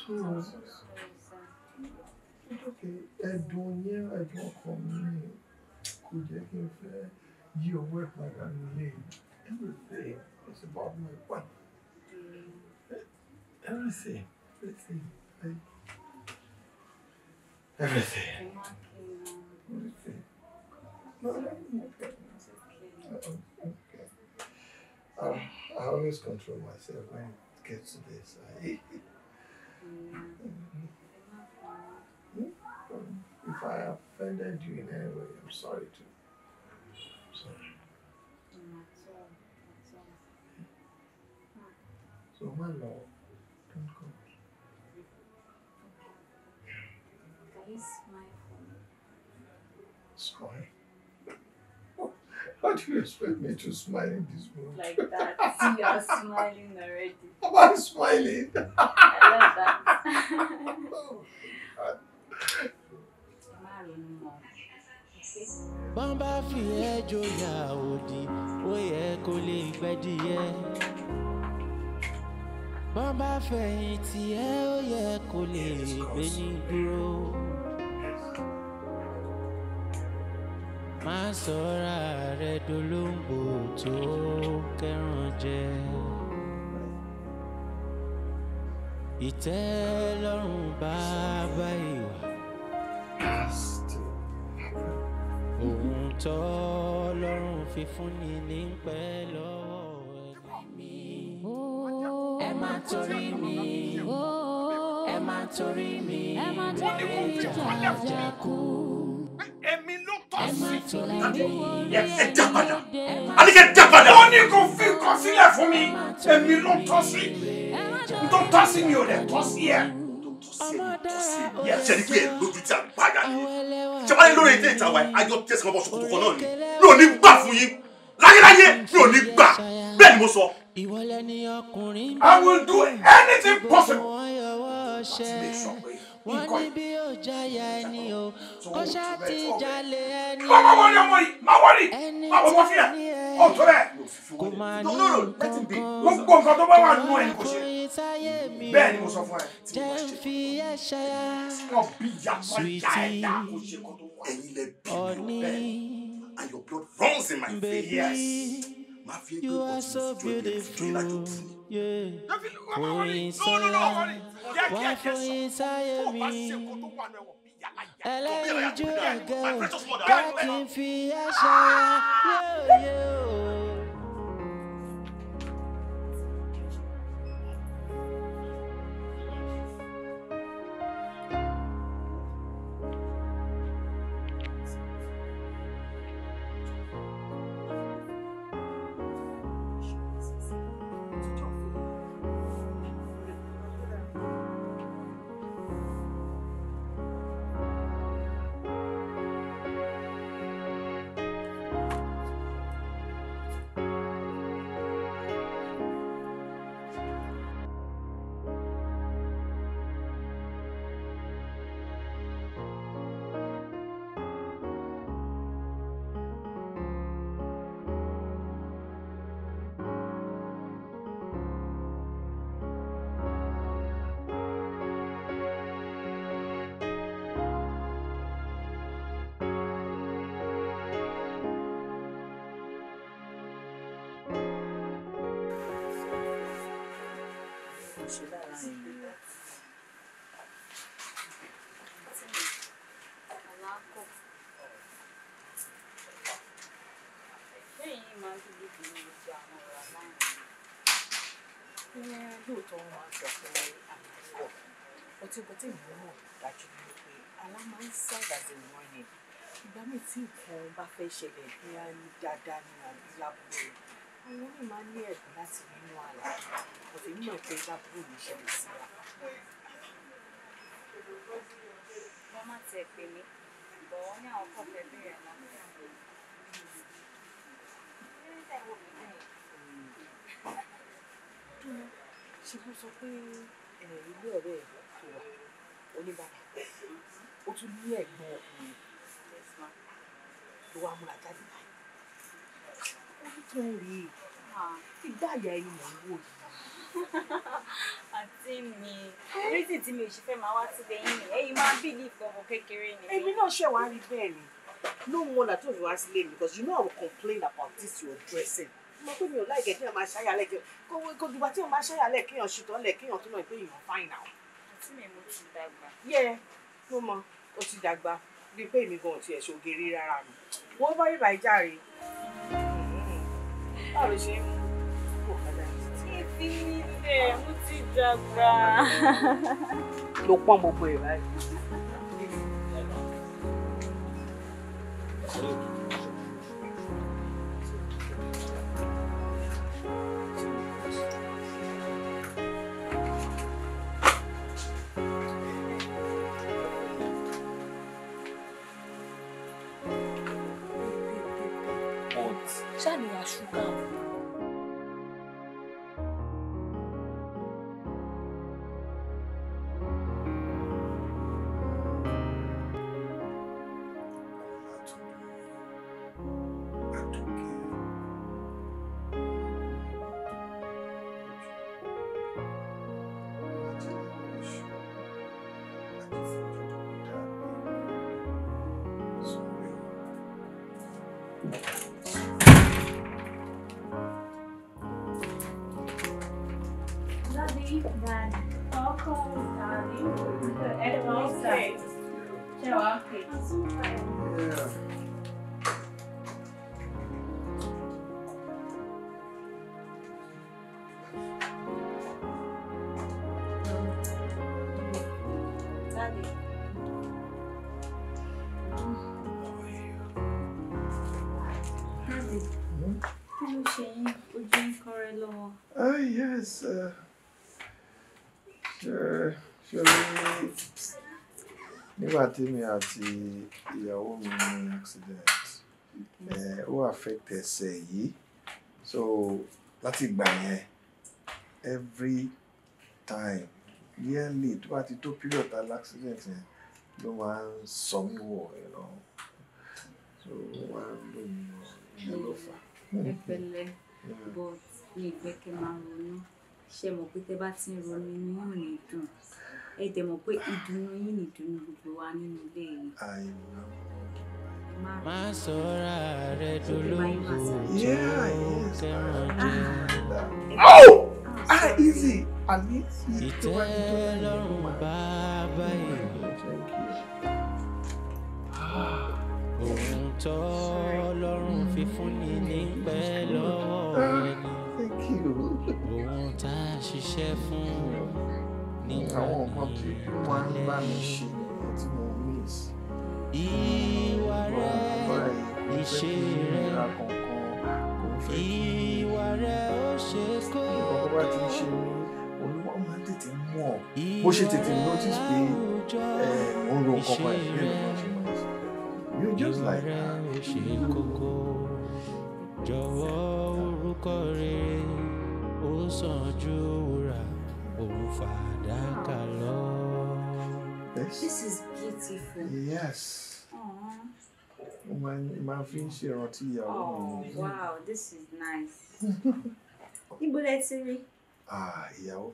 So, ẹ̀dùn yẹn ẹ̀dùn ọkàn mi kò jẹ́ kí n fẹ́ yí owó ẹ̀ padà nílé everything is about my wife everything everything. everything. Everything. Everything. I, I always control myself when it gets to this. I, if I offended you in any way, I'm sorry too. So, my love, How do you expect me to smile in this mood? Like that. See, you're smiling already. I'm smiling. I love that. oh, bọ́n bá fi ẹ́ joyà òdì ó yẹ kó lè gbẹ́dìyẹ. bọ́n bá fẹ̀yìntì ẹ́ ó yẹ kó lè gbé ní dúró. má sọra rẹ dolóńgbò tó kẹran jẹ. ìtẹ́lọ́rùn bàbá ìwà ohun tọ́lọ́run fi fúnni ní pẹ́ lọ́wọ́ ẹni. ẹ má torí mi ẹ má torí mi ẹ má torí mi jàjà kú ẹ padà alikẹ dá padà. wọ́n ní kò fi kọ fún mi èmi ló tọ́ n tó tọ́ mi ò lè tọ́ sí ẹ. Yẹ lójú tí a ni. Jabale lórí ilé ìta wa ayọ̀ tẹ̀sí ọmọ ṣòkòtò kan náà ni. Mi ò ní gbà fún yín. Láyéláyé mi ò ní gbà. Bẹ́ẹ̀ ni mo sọ. I will do anything possible. Láti lè sọ wọ́n ní bí ó jayà ẹni o kó ṣáà ti jalè ẹni. ọmọ wọn ni ọmọ yìí má wọlé má wọ wọn fìyà ó tó bẹ́ẹ̀. kò máa ní nǹkan kan wọ́n gbọ́ nǹkan tó bá wà nínú ẹ̀ kò ṣe bẹ́ẹ̀ ni mo sọ fún ẹ. jẹ́ ń fi ẹ̀ṣẹ̀ ya sweetie ọ̀ní and your blood runs in my veins. You are so beautiful yeah. for inside wá fún inside mi ẹlẹ́yinjú ọ̀gá ò ká kí n fi ẹ́ ṣe yóò yóò. lóòótọ́ wọn máa ń sọ pé àpò ó ti gbọ́ tí ìlú mọ̀ dájú ni pé alá máa ń serve as a warning ìgbà míì tí nǹkan bá fẹ́ ṣẹlẹ̀ bóyá ní dáadáa ni àbí lábúrò àwọn míì máa ń ní ẹ̀bùn láti nínú àlá ọ̀tẹ̀ mímọ̀ pé lábúrò ní ṣẹlẹ̀ sí wa. wọ́n má tiẹ̀ pè mí bọ̀ wọ́n ní àwọn kan fẹ́ bẹ̀rẹ̀ náà. kí ló ṣùgbọ́n sọ pé ilé ọ̀rẹ́ ẹ̀ ti wà oníbàbà ó tún ní ẹ̀gbọ́n ọkùnrin tó wá múra jáde báyìí ó ní kí n rí i ìgbà àyà ẹni mò ń wò yìí. àti mi rítì tí mi ò ṣe fẹ́ máa wá síbẹ̀ yín ni ẹ̀yin máa ń bí ní ìfọwọ́ kékeré ni. èmi náà ṣe wàá rí bẹ́ẹ̀ ni no wonder tó fi wá sílé mi because you know I will complain about this your dressing mo pé mi ò láì gẹ̀ẹ́dẹ́ máa ṣáyà lẹ́kẹ́ kó dùgbà tí wọ́n máa ṣáyà lẹ̀ kéèyàn ṣùtọ́ lẹ̀ kéèyàn tó náà pé èèyàn fáìn náà. àti mi mo ti dàgbà. yẹ ló mọ ó ti dàgbà bíi pé èmi gan ò tiẹ̀ ṣògiri rárá mi wọ́n bá yíba ìjáre. Hmm, báwo ló ṣe ń mú òkàdá yìí. ṣé ibi nílẹ̀ mo ti dàgbà. ló pọ́n gbogbo ẹ̀ báyìí. tèmi àti ìyàwó mi ní accident ó affect ẹsẹ̀ yìí so láti ìgbà yẹn every time yearly tó bá ti tó period ta accident yẹn ló máa ń sọ mí wọ̀ ẹ̀ lọ so ó máa ń lò mí lọ ìyẹn ló fà. ẹ pẹ̀lẹ́ but mi ìgbẹ́kẹ̀ máa ronú ṣe mọ̀ pé bá ti ń ronú inú yóò dùn ẹ dẹ̀ mọ̀ pé ìdùnnú yín ni ìdùnnú gbogbo wa nínú ilé yìí. má sọ̀rọ̀ rẹ dolóko jẹ́ òkèrán ah, jẹ́. Ah, ah, ah oh! easy. Àní ìtẹ́lọ́rùn bàbá yìí. Òun tọ́ lọ́rùn fífún ni ní pẹ́ lọ́wọ́ ẹni. Òun tá a ṣiṣẹ́ fún àwọn nǹkan tó máa ń bá mi ṣe nìyẹn tí mo miss. ìwà rẹ ìṣe rẹ ìwà rẹ ó ṣe kó. tó olúwa máa ń tètè mú ọ bó ṣe tètè notice pé ó ń ro nǹkan kan ẹ̀ bí you just like that. jọ̀wọ́ orúkọ rere ó sàn ju wúrà òun fàdákà lọ. This is beautiful. Yes. Máa fi oh, Wow, this is nice. You lẹ me? Ah, yeah. Oh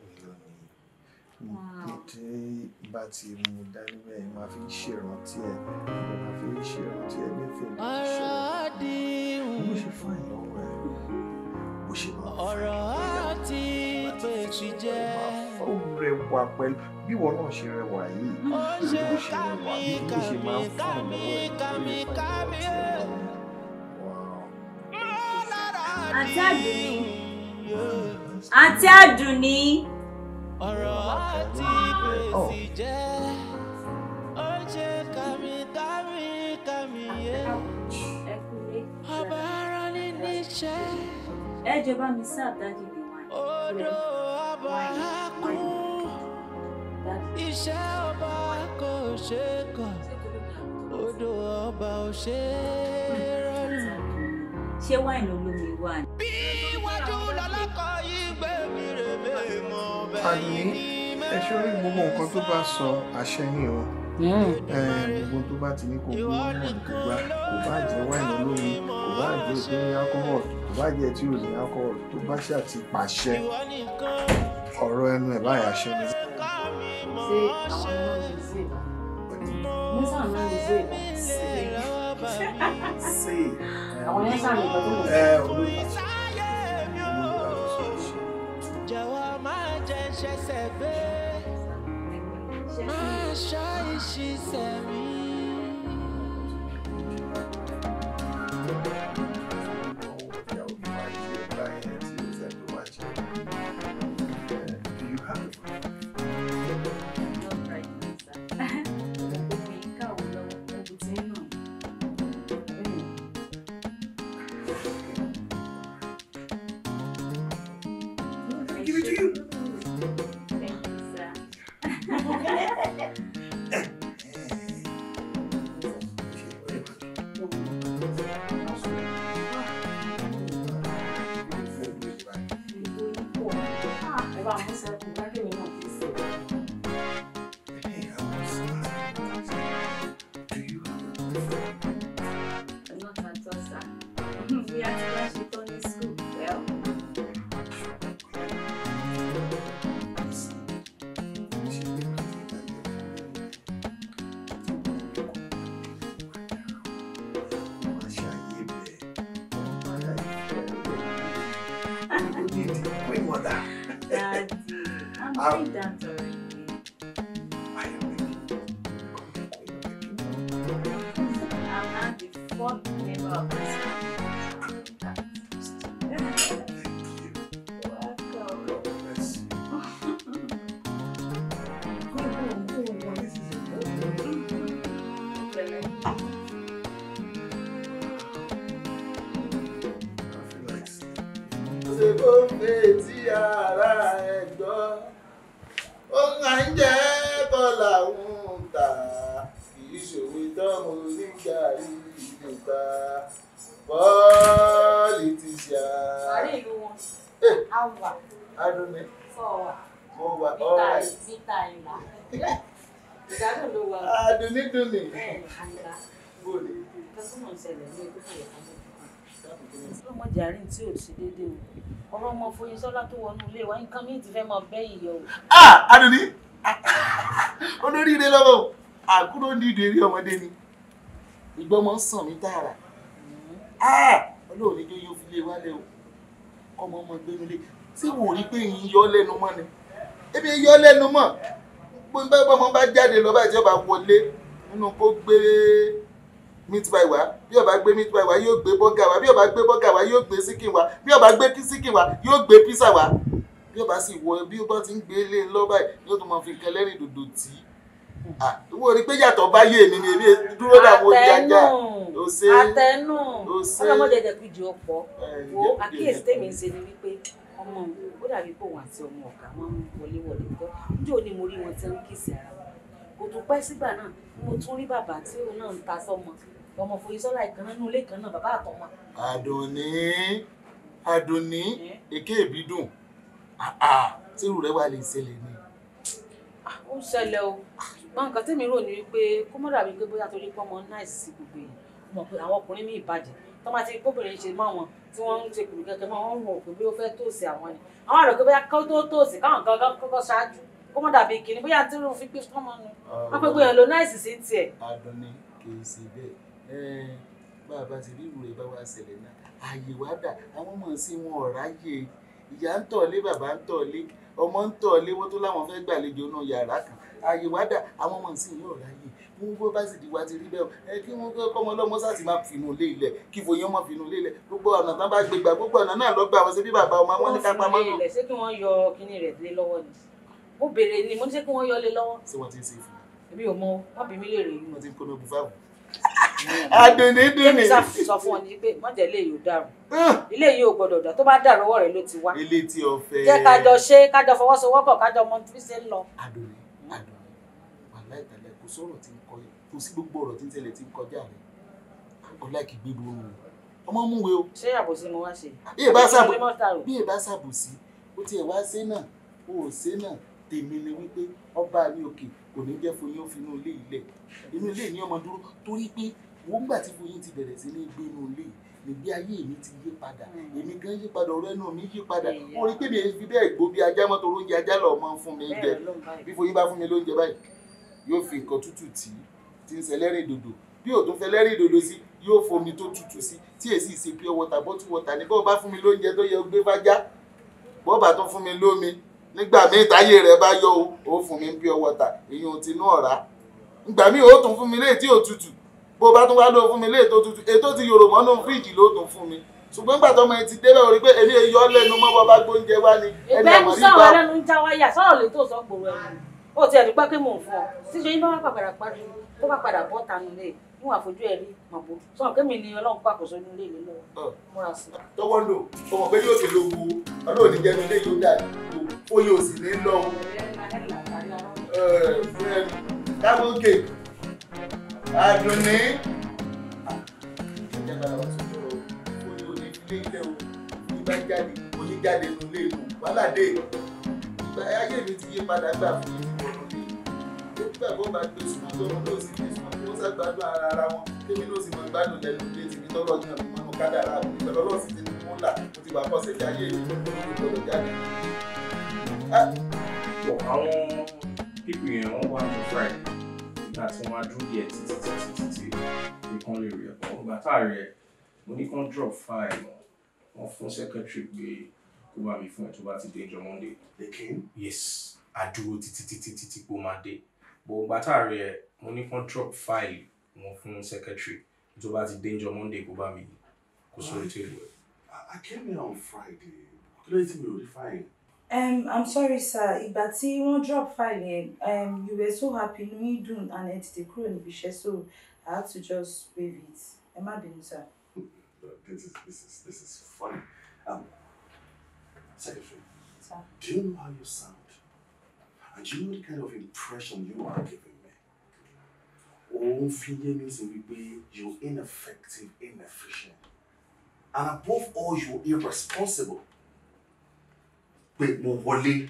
ló ní me. bá ti mú dání bẹ́ẹ̀ my fi ń ṣèrántí ẹ̀ máa you ń ṣèrántí ẹ̀ nífẹ̀ẹ́ ní ìṣòro. Ọ̀rọ̀ àdìhùn. Bó ṣe fún ìyàwó ẹ̀ bó ṣe ṣe jẹ́. ó rẹwà pẹ̀lú bí ìwọ náà ṣe rẹwà yìí ṣe rẹwà ṣe máa ń fún ọmọ ẹ àti àdùnní àti àdùnní. ọ̀rọ̀ àti gbèsè jẹ́ ó ṣe kàmí kàmí kàmí yé ọba ara ní mi sáà dájú ìwà rẹ ọba kú iṣẹ́ ọba kò ṣe kọ̀ odò ọba ò ṣe rọrùn. ṣé wáìnì olómi wà ní. bí iwájú lọ́lọ́kọ̀ yìí gbé mi rèé mọ́ bẹ́ẹ̀ yìí ní ẹ ṣe orí gbogbo nǹkan tó bá sọ àṣẹ ni o hmm. gbogbo tó bá ti ní kò gbó náà gbogbo kò bá jẹ wáìnì olómi kò bá jẹ ìpínlẹ̀ alcohol kò bá jẹ tí ò ní alcohol tó bá ṣàti pàṣẹ ọ̀rọ̀ ẹnu ẹ̀ báyà ṣe ni. ṣé àwọn náà lè ṣe ìlà nísà náà lè ṣe ìlà àwọn nísà nìkan tó lè ṣe. Jọ̀wọ́ máa jẹ ṣẹ̀ṣẹ̀ gbé, máa ṣọ́ ìṣiṣẹ́ mi. àwà àdùnmí sọ̀wà mo wà ọ̀rẹ́ mítà ìlà ìdádùn ló wà. àdùnní dùnní. bẹ́ẹ̀ ni àyà bòlè. kẹsùmọ̀ ìṣẹ̀lẹ̀ ní ètò ìyàwó ọmọ jàrin tí ò sí déédéé o ọ̀rọ̀ ọmọ Foyinsọ́lá tó wọnú ilé wa nǹkan míì ti fẹ́ máa bẹ́ ìyẹ o. àdùnní olóríire lọ́wọ́ àkúrò ní ìdérí ọmọdé ni ìgbọ́mọ ń sàn mí tààrà olóòní tó yóò fi lé wálé o kọ́mọ ọmọ gbé nílé tí wò rí pé yín yọ lẹ́nu mọ́ ni ebi yọ lẹ́nu mọ́ gbogbo ẹgbẹ́ ọmọ bá jáde lọ báyìí tí ọba wọlé nínú kó gbé meat pie wá bí ọba gbé meat pie wá yóò gbé bọ́gà wá bí ọba gbé bọ́gà wá yóò gbé síkìn wá bí ọba gbé síkìn wá yóò gbé písà wá bí ọba sì wọ bí ọba ti ń gbé lé lọ báyìí yóò tún máa fi kẹlẹ́rìn dòdò Ah, wọ́n rí pé yàtọ̀ bá yé mi ni èmi dúró dàbò jájá o ṣe àtẹnu ọlọmọdé dẹkùjì ọ̀pọ̀ wo àkíyèsí tèmi ń ṣe ni wípé ọmọ ó dàbí pé òun àti ọmọ ọ̀gá wọn ń wọlé wọlé kọ́ níjẹ́ òní mo rí wọn tí ń kìsì ara wọn kò tún pẹ́ sígbà náà mo tún rí bàbá tí òun náà ń ta sọ́mọ ọmọ Foyísọ́lá ìkànnà inú ilé kan náà bàbá àtọmọ. Àdùnní Àdùnní èké èbí dùn tí irú rẹ wà lè ṣẹlẹ̀ ni. ó ń ṣẹlẹ̀ o ah, mọ nǹkan tẹ́mi rò ní wípé kó mọ́ dàbí pé bóyá torí pé ọmọ náà sì gbogbo yìí mọ̀ pé àwọn ọkùnrin ní ìbàjẹ́ tó máa ti gbóbìnrin ṣe mọ́ wọn tí wọ́n ń ṣe kùrù kẹ̀kẹ́ mọ́ wọn rò pé bí ó fẹ́ tòsí àwọn ni àwọn àrò pé bóyá kó tó tòsí káwọn kan kọ́kọ́ ṣáájú kó mọ́ dàbí kìnní bóyá tí irun fi pé fọ́mọ nu wọ́n pé gbìyànjú náìsì sí tiẹ̀. adọ́ni kì í ṣe bẹ́ẹ̀ bá a bá ti rí ìrù bá wa ṣẹlẹ̀ ọmọ ń tọ̀ léwọ́ tó láwọn fẹ́ gbàlejò náà yàrá kan ààyè wá dà àwọn ọmọ ìsìn yóò ráyè wọn gbọ́ bá sì di wa ti rí bẹ́ẹ̀ ẹ kí wọ́n gbọ́ kọ́mọ ọlọ́mọ sáà sì máa fìnnú lé ilẹ̀ kí fòyìn ọmọ fìnnú lé ilẹ̀ gbogbo ọ̀nà tán bá gbégbà gbogbo ọ̀nà náà lọ́gbà wọn ṣe bí bàbá ọmọ wọn ní ká pamọ́. wọ́n fi ilẹ̀ ṣé kí wọ́n yọ kíní rẹ̀ lé lọ́wọ́ ni mo béèrè ni mo ní ṣé kí wọ́n yọ lé lọ́wọ́. ṣé wọ́n ti ń ṣe é fún mi. èmi ò mọ adùnní dùnní. yémi sọ fún ọ ní pé mọ̀jẹ̀ ilé yìí ò dàrú ah. ilé yìí ò gbọdọ̀ dà tó bá dàrú ọwọ́ rẹ̀ ló ti wá. ilé tí o fẹ́. jẹ́ kájọ ṣe kájọ fọwọ́sowọ́pọ̀ kájọ mọ bí ṣe ń lọ. adùnní adùnní wàhálà ìtàlẹ̀ kò sọ̀rọ̀ tí ń kọ kò sí gbogbo ọ̀rọ̀ tí ń tẹ̀lẹ̀ tí ń kọjá rẹ̀ ọ̀la kì í gbé o ọmọ mú we o. ṣé àbòsí mo wá ṣe. bí ẹ bá ṣàbòsí bí ẹ wá ṣe náà o ò ṣe náà tèmi ni wípé ọba mi òkè kò ní jẹ́ fún yín ó fi inú ilé ilẹ̀ inú ilé ní ọmọ dúró torí pé wọ́n gbà tí Foyín ti bẹ̀rẹ̀ sí ní gbénu ilé níbi ayé mi ti yí padà hmm. èmi gan yí padà ọ̀rọ̀ ẹnu mi yí padà mo rí pé mi fi bẹ́ẹ̀ gbó bí ajá mọ́tò oúnjẹ ajá lọ mọ́ fún mi jẹ bí Foyín bá fún mi lóúnjẹ báyìí yóò fi nǹkan tútù tí tí ń ṣẹlẹ́rìn dòdò bí ò tún fẹ́ lẹ́rìn dòdò sí yóò fomi tó tútù sí tí èsì ṣe pure water bottle water ní bọ́ọ̀ bá fún mi lóúnjẹ tó yẹ gbé fájá bọ́ọ̀ bá fún mi lómi nígbà míì táyé rẹ bá yọ o ò fún mi pure water èyí ò tinú ọ̀rá ìgbà míì ó tún fún mi léè tí ò tútù bó bá tún wá lọ fún mi lé ètò tuntun ètò ti yorùbá nù fíríjì ló tún fún mi ṣùgbọ́n gbàtọ́ ọmọ yẹn ti débẹ̀ orí pé èmi èyí ọlẹ́nu mọ́ bàbá gbóúnjẹ wá ni. ìgbẹ́ mi sọ̀rọ̀ ẹlẹ́nu ń já bá tó bá lò ó mọ̀ pé yóò tẹ̀lé owó ọlọ́run ní jẹnu ilé yóò dà ó yóò sì ní lọ́wọ́. ẹ ẹ ẹ ẹ ẹ ẹ Àdùnní. Ẹ̀jẹ̀ bára wà sọ́jọ́ o, ó ní òní ilé ìtẹ́ nígbà tí wọ́n á títí títí títí pé lè rí ọ̀pọ̀ ọgbà táàrí ẹ̀ mo ní kán drop file wọn fún secretary pé kó bá mi fún ẹ tó bá ti dé ìjọ monday. lèkìn. yes adúró títí títí títí kó máa dé bó ọgbà táàrí ẹ̀ mo ní kán drop file wọn fún secretary tó bá ti dé ìjọ monday kó bá mi kó sórí tèlú ẹ. I came here on Friday. Kí ló dé tí mi ò rí fáìlì? Um, I'm sorry, sir. But see, wọ́n drop file um, you were so happy, inú yín dùn and ẹ tètè kúrò níbi iṣẹ́ so I had to just wave it. Am I bínú, sir. This is, this is, this is funny. Um, secretary, sir. do you know how you sound? And do you know the kind of impression you are giving me? Òun feeling is mi sí wípé you're ineffective, inefficient. And above all, you're irresponsible pé mo wọlé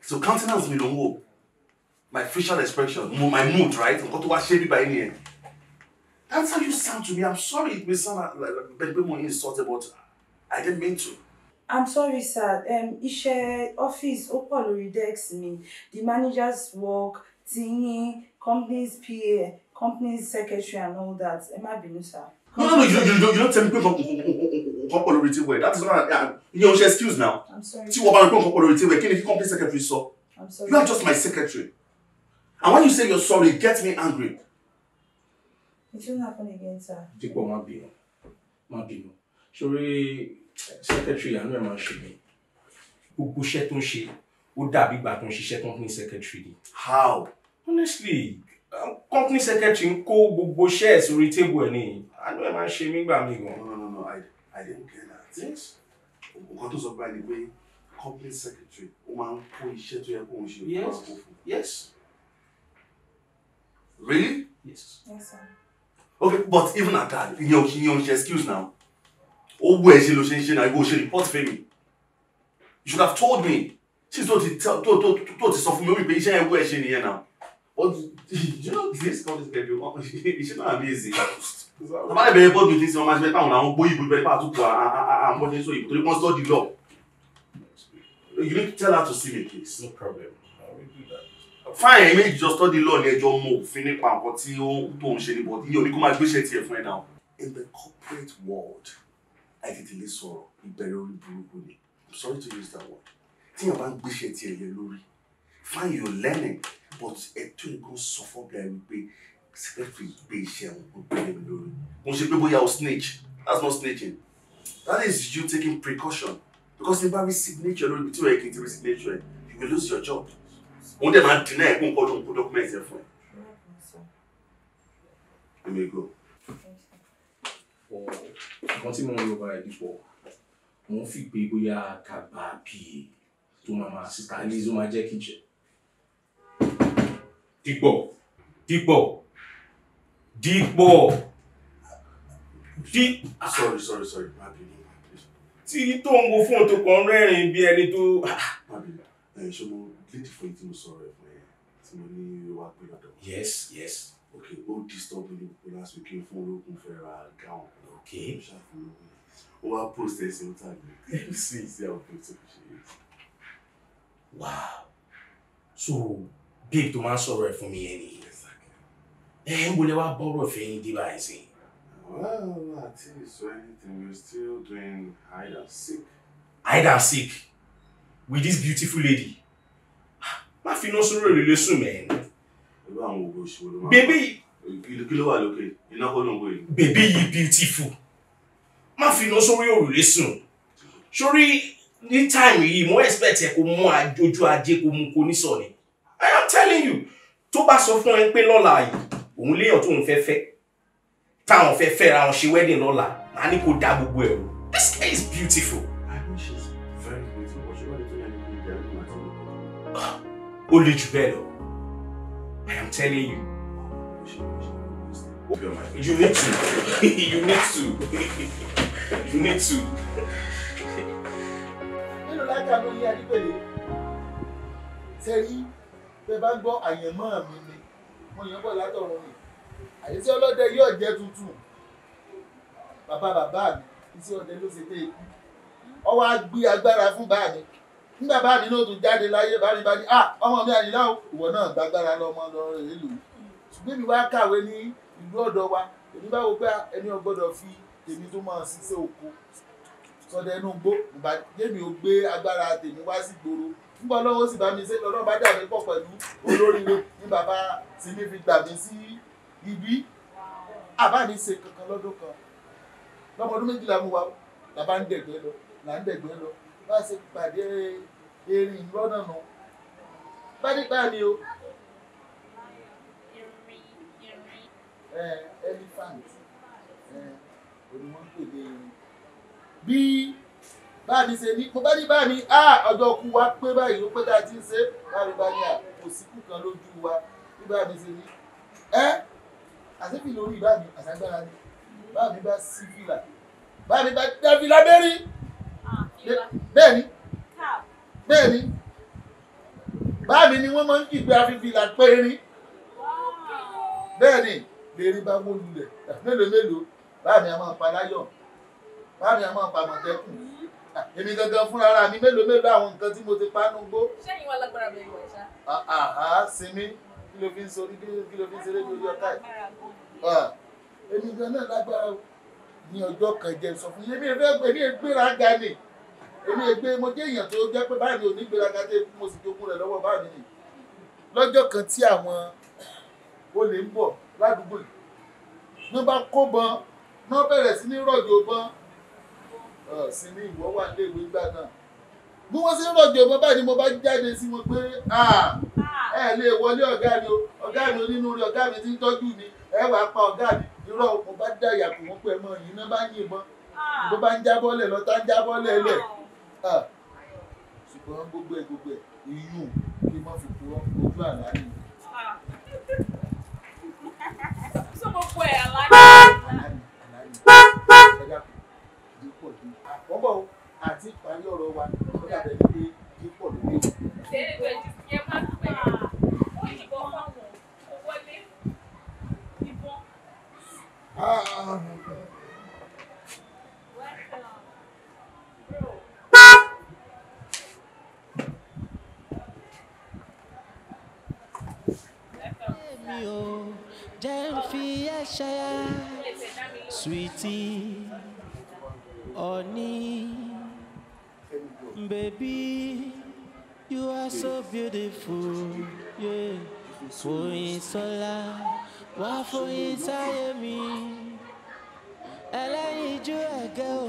so countenance mi ló ń wò my facial expression mo my mood right nǹkan tó wá ṣe bíbá yín nìyẹn that's how you sound to me i'm sorry it may sound like pé mo insult but i didn't mean to. i'm sorry sir um, iṣẹ́ ọ́fíìsì ó pọ̀ lórí desk mi the manager's work ti yín company's pa company's secretary and all that ẹ má bínú sir. no no no you you you don't tell me pé nǹkan pọ̀ lórí table that is not ìyẹn o ṣe excuse now tí wọ́n bá rí nǹkan pọ̀ lórí table kí ni kí company secretary sọ you are just my secretary and when you say you're sorry it gets me angry. it will happen again sir. dípò má bínú má bínú sórí secretary àánú ẹ̀ máa ń ṣe mí gbogbo iṣẹ́ tó ń ṣe ó dàbí ìgbà tó ń ṣiṣẹ́ company secretary ni. how. honestly company secretary ń kó gbogbo iṣẹ́ ẹ̀ sórí table ẹ̀ ni àánú ẹ̀ máa ń ṣe mí gbà mí gan. I didn't get that. Yes. Nǹkan tó sọ báyìí ni pé company secretary ó máa ń kó iṣẹ́ tó yẹ kó ń ṣe òkú àwọn fún. Yes. Really? Yes. Yes sir. Okay but even at that ìyẹn ò ṣe ìyẹn ò ṣe excuse now. Ó wú ẹ̀ ṣe ló ṣe ń ṣe náà ìwé òṣèlú report fẹ́ mi. You should have told me. Ṣé tó ti sọ fún mi ó rí i pé iṣẹ́ ẹ̀ wú ẹ̀ ṣe nìyẹn náà you know this come this baby one she not amazing tọ́ba lè bẹ̀rẹ̀ bọ́ọ̀dù ní sinimá máa ṣe bẹ́ẹ̀ táwọn làwọn gbóyìnbó bẹ́ẹ̀ pàtó kù àmọ́jẹ́ sóyìnbó torí wọ́n study law you need to tell her to see me please. no problem i will do that fine èmi ìjọ study law ní ẹjọ́ mọ òfin nípa nǹkan tí ó tó ń ṣe ní bọ́ọ̀dù iye oníkó máa gbéṣẹ́ tiẹ̀ fún ẹ̀ náà. in the corporate world àìtètèlé sọ̀rọ̀ ìbẹ̀rẹ̀ orí burúkú ni i'm sorry to use that word tí yàrá bá ń gbéṣẹ́ tiẹ̀ yẹ lórí fine you learning but ẹ̀tọ́ nǹkan sọ fọ́bìà wípé secretary gbé iṣẹ́ àwọn gbogbo ẹ̀mí lórí mo ṣe pé bóyá o snitch that's not snitching that is you taking precaution because if I rí signature lórí ibi tí o yẹ kí n ti rí signature you will lose your job òun dẹ̀ máa dín náà ẹ̀kún nǹkan tó ń kó document ẹ̀ fún ẹ. Let me go. Nǹkan tí mo ń lọ báyìí dípò, mo ń fi pé bóyá kàgbà bíi tó máa máa sítáálí tó máa jẹ́ kíjẹ́. Dípọ̀ Dípọ̀ Dípọ̀ Dí. Ah, sorry sorry sorry má bínú má bínú. Tí tó ń wo fóònù tó kàn rẹ́rìn bí ẹni tó. Ah, ah, má bínú ẹ̀ ṣe mo léèdì fún yín tí mo sọ̀rọ̀ ẹ̀ fún ẹ tí mo ní wá pé lọ́dọ̀. Yes yes. Ok ó disturb mi last week fún ológun fẹ́ ra gáwọn. Ok. Mo ṣàfihàn post ẹ̀ sí ọ̀tá mi. Sí sí àwọn post ẹ̀ fi ṣe Wow. So babe tó máa ń sọ̀rọ̀ ẹ̀ fún mi yẹn nìyí ẹ ń bolẹ̀ wá bọ́rọ̀ fẹ́ yín dé báyìí sí. well àti so anything we still doing hide and seek. hide and seek with this beautiful lady má fi iná sórí òrèlè sùn mẹ́rin. irú àwọn ògbó ìṣòro ló máa ń bá bèbí yìí kí ló wà lókè iná kó ló ń wòye. bèbí yìí beautiful má fi iná sórí òrèlè sùn sórí ní táìmù yìí mo expect ẹ kó mú ojú ajé kó mú kó ní sọ ni I am telling you tó bá sọ fún ẹ pé lọ́la yìí òun léèyàn tóun fẹ́ fẹ́ táwọn fẹ́ fẹ́ ra wọn ṣe wedding lọ́la màá ní kó da gbogbo ẹ̀rù this guy is beautiful. ó le jù bẹ́ẹ̀ lọ I am telling you. You need to. you need to. you need to. nínú láti àgbóyè àdìgbèlè ṣe rí bẹ́ẹ̀ bá ń gbọ́ àyànmọ́ mi ni mo yàn bọ̀ látọ̀run mi àyèsí ọlọ́dẹ yóò jẹ́ tuntun bàbá bàbá mi iṣẹ́ ọdẹ ló ṣe dé ikú ọwọ́ á gbé agbára fún bàá mi nígbà bàá mi náà tún jáde láyé bàá mi bá ní ah ọmọ mi àyìnlá o ìwọ náà gbàgbára lọmọ lọrọ rẹ lò ṣùgbọ́n mi wá kàwé ní ìlú ọ̀dọ̀ wa èmi bá wo pé ẹni ò gbọ́dọ̀ fi tèmi tó máa ṣiṣẹ́ oko sọdẹ inú gbó ìbàdí jẹ́mi ò gbé agbára tèmi wá sí nígbà ọlọ́wọ́ sì bá mi ṣe lọ́dọ́ bá dà mí pọ̀ pẹ̀lú olóríire ní bàbá tí mi fi gbà mí sí ibi àbá mi ṣe kankan lọ́dún kan lọ́mọdún méjìlá mo wà làbá ń dẹ̀gbẹ́ lọ là ń dẹ̀gbẹ́ lọ bá ṣe pàdé erin lọ́nà nù bá nípa mi o. elephant onímọ̀ ń pè dé irin bí báàmí ṣe ní mo bá ní báàmí á ọjọ́ kú wa pé báyìí ló pé tá a ti ń ṣe báàmí bá ní à kò síkú kan lójú wa bí báàmí ṣe ní ẹ àṣẹ́bí lórí báàmí àṣàgbára ni báàmí bá sí fìlà báàmí bá dá fìlà ah, bẹ́ẹ̀ni bẹ́ẹ̀ni bẹ́ẹ̀ni báàmí ni wọ́n máa ń kígbe afífìlà pẹ́ẹ́rín bẹ́ẹ̀ni lérí bá wó lulẹ̀ mélòó mélòó báàmí a máa pa láyọ̀ báàmí a máa pa àmọ̀tẹ́kùn èmi gangan fúnra ara mi mélòó mélòó àwọn nǹkan tí mo ti pánú gbó. sẹ́yìn wà lágbára bẹ̀rẹ̀ ìwà ìṣá. Ah, àhà sinmi kí ló fi ń sori kí ló fi ń ṣeré ní ojú ọ̀tá yìí. Ah, èmi gan náà lágbára ní ọjọ́ kan jẹ́ sọ fún yémi ẹ̀fẹ́ pé èmi ègbéra ga ni èmi ègbé mo jẹ́ èèyàn tó jẹ́ pé báyìí ò ní gbéra ga dé mo sì jogún rẹ̀ lọ́wọ́ báyìí ni lọ́jọ́ kan tí àwọn olè ń bọ̀ ládùúgbò yìí wọ́n bá kó bọn wọ́n bẹ̀rẹ̀ sí ní rọ̀jò bọn sí ní ìwọ wà léèwé gbà náà bí wọ́n ṣe ń rọ̀jò mọ́ báyìí ni mo bá jáde sí wọn pé ẹ lè wọlé ọ̀gá mi o ọ̀gá mi onínú rẹ ọ̀gá mi ti ń tọ́jú mi ẹ wà á pa ọ̀gá mi irọ́ mo bá dá ìyàpò wọn pé ẹmọ yìí náà bá ń yìnbọn ìbọn bá ń jábọ́lẹ̀ lọ́tà ń jábọ́lẹ̀ lẹ̀ ṣùgbọ́n gbogbo ẹ̀ gbogbo ẹ̀ iyùn kí wọ́n fi kúrọ́ ojú àlá ni. sọ gbogbo ẹ̀ àlá bọ̀ o àti ìparí ọ̀rọ̀ wa ó dàbẹ̀ ní pé kí pọ̀ lórí. Jẹ́ fi ẹ ṣe sweetie. Honey, baby, you are so beautiful. Yeah. Foyin Sola, wá for sáyé mi. Ẹlẹ́yinjú ẹ̀gẹ́ o,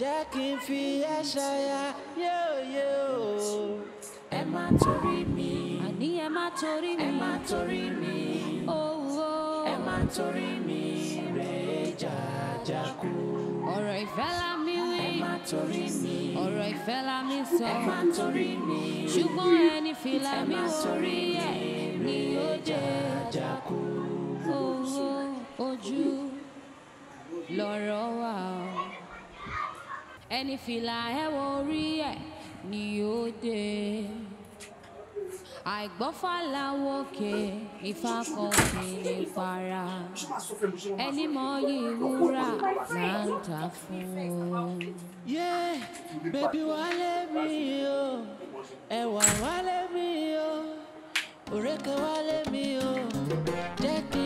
jẹ́ kí n fi ẹ́ ṣaya yo. o. Ẹ má torí mi. Àní ẹ má torí mi. Ẹ má torí mi. Owó. Ẹ má torí mi. Rẹ̀ jàjà kú ọ̀rọ̀ ìfẹ́ la mi wí ọ̀rọ̀ ìfẹ́ la mi sọ ṣùgbọ́n ẹni fìlà mi orí ẹ̀ ni ó jẹ́ owó ojú lọ́rọ̀ wà ó ẹni fìlà ẹ̀ orí ẹ̀ ni ó dé àìgbọ́fà láwo òkè Ifá kan kì í para ẹni mọ yìí wúrà máa ń ta fún o. yé bèbí wálé mi o ẹ̀wà wálé mi o òrékè wálé mi o jẹ́ kí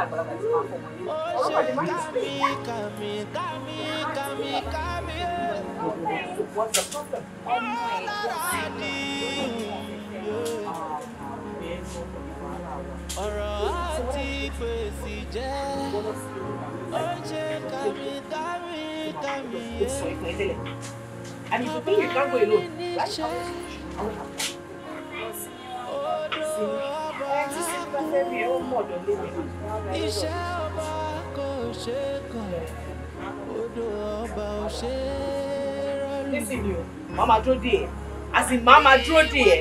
àgbàlagbà ti máa fọwọ́ ní. ọlọ́pàá lè má ní sílẹ̀. kàmí kàmí kàmí kàmí ọlọ́ra ni ọ̀rọ̀ àti fèsì jẹ́ ó ṣe kàmí kàmí kàmí. And if you fẹ́ mi ó mọ̀ lọ́lé mi. iṣẹ́ ọba kò ṣe kàn odò ọba ò ṣe rọlù. nísìnyí o dúró dè ẹ́ àti màá dúró dè ẹ́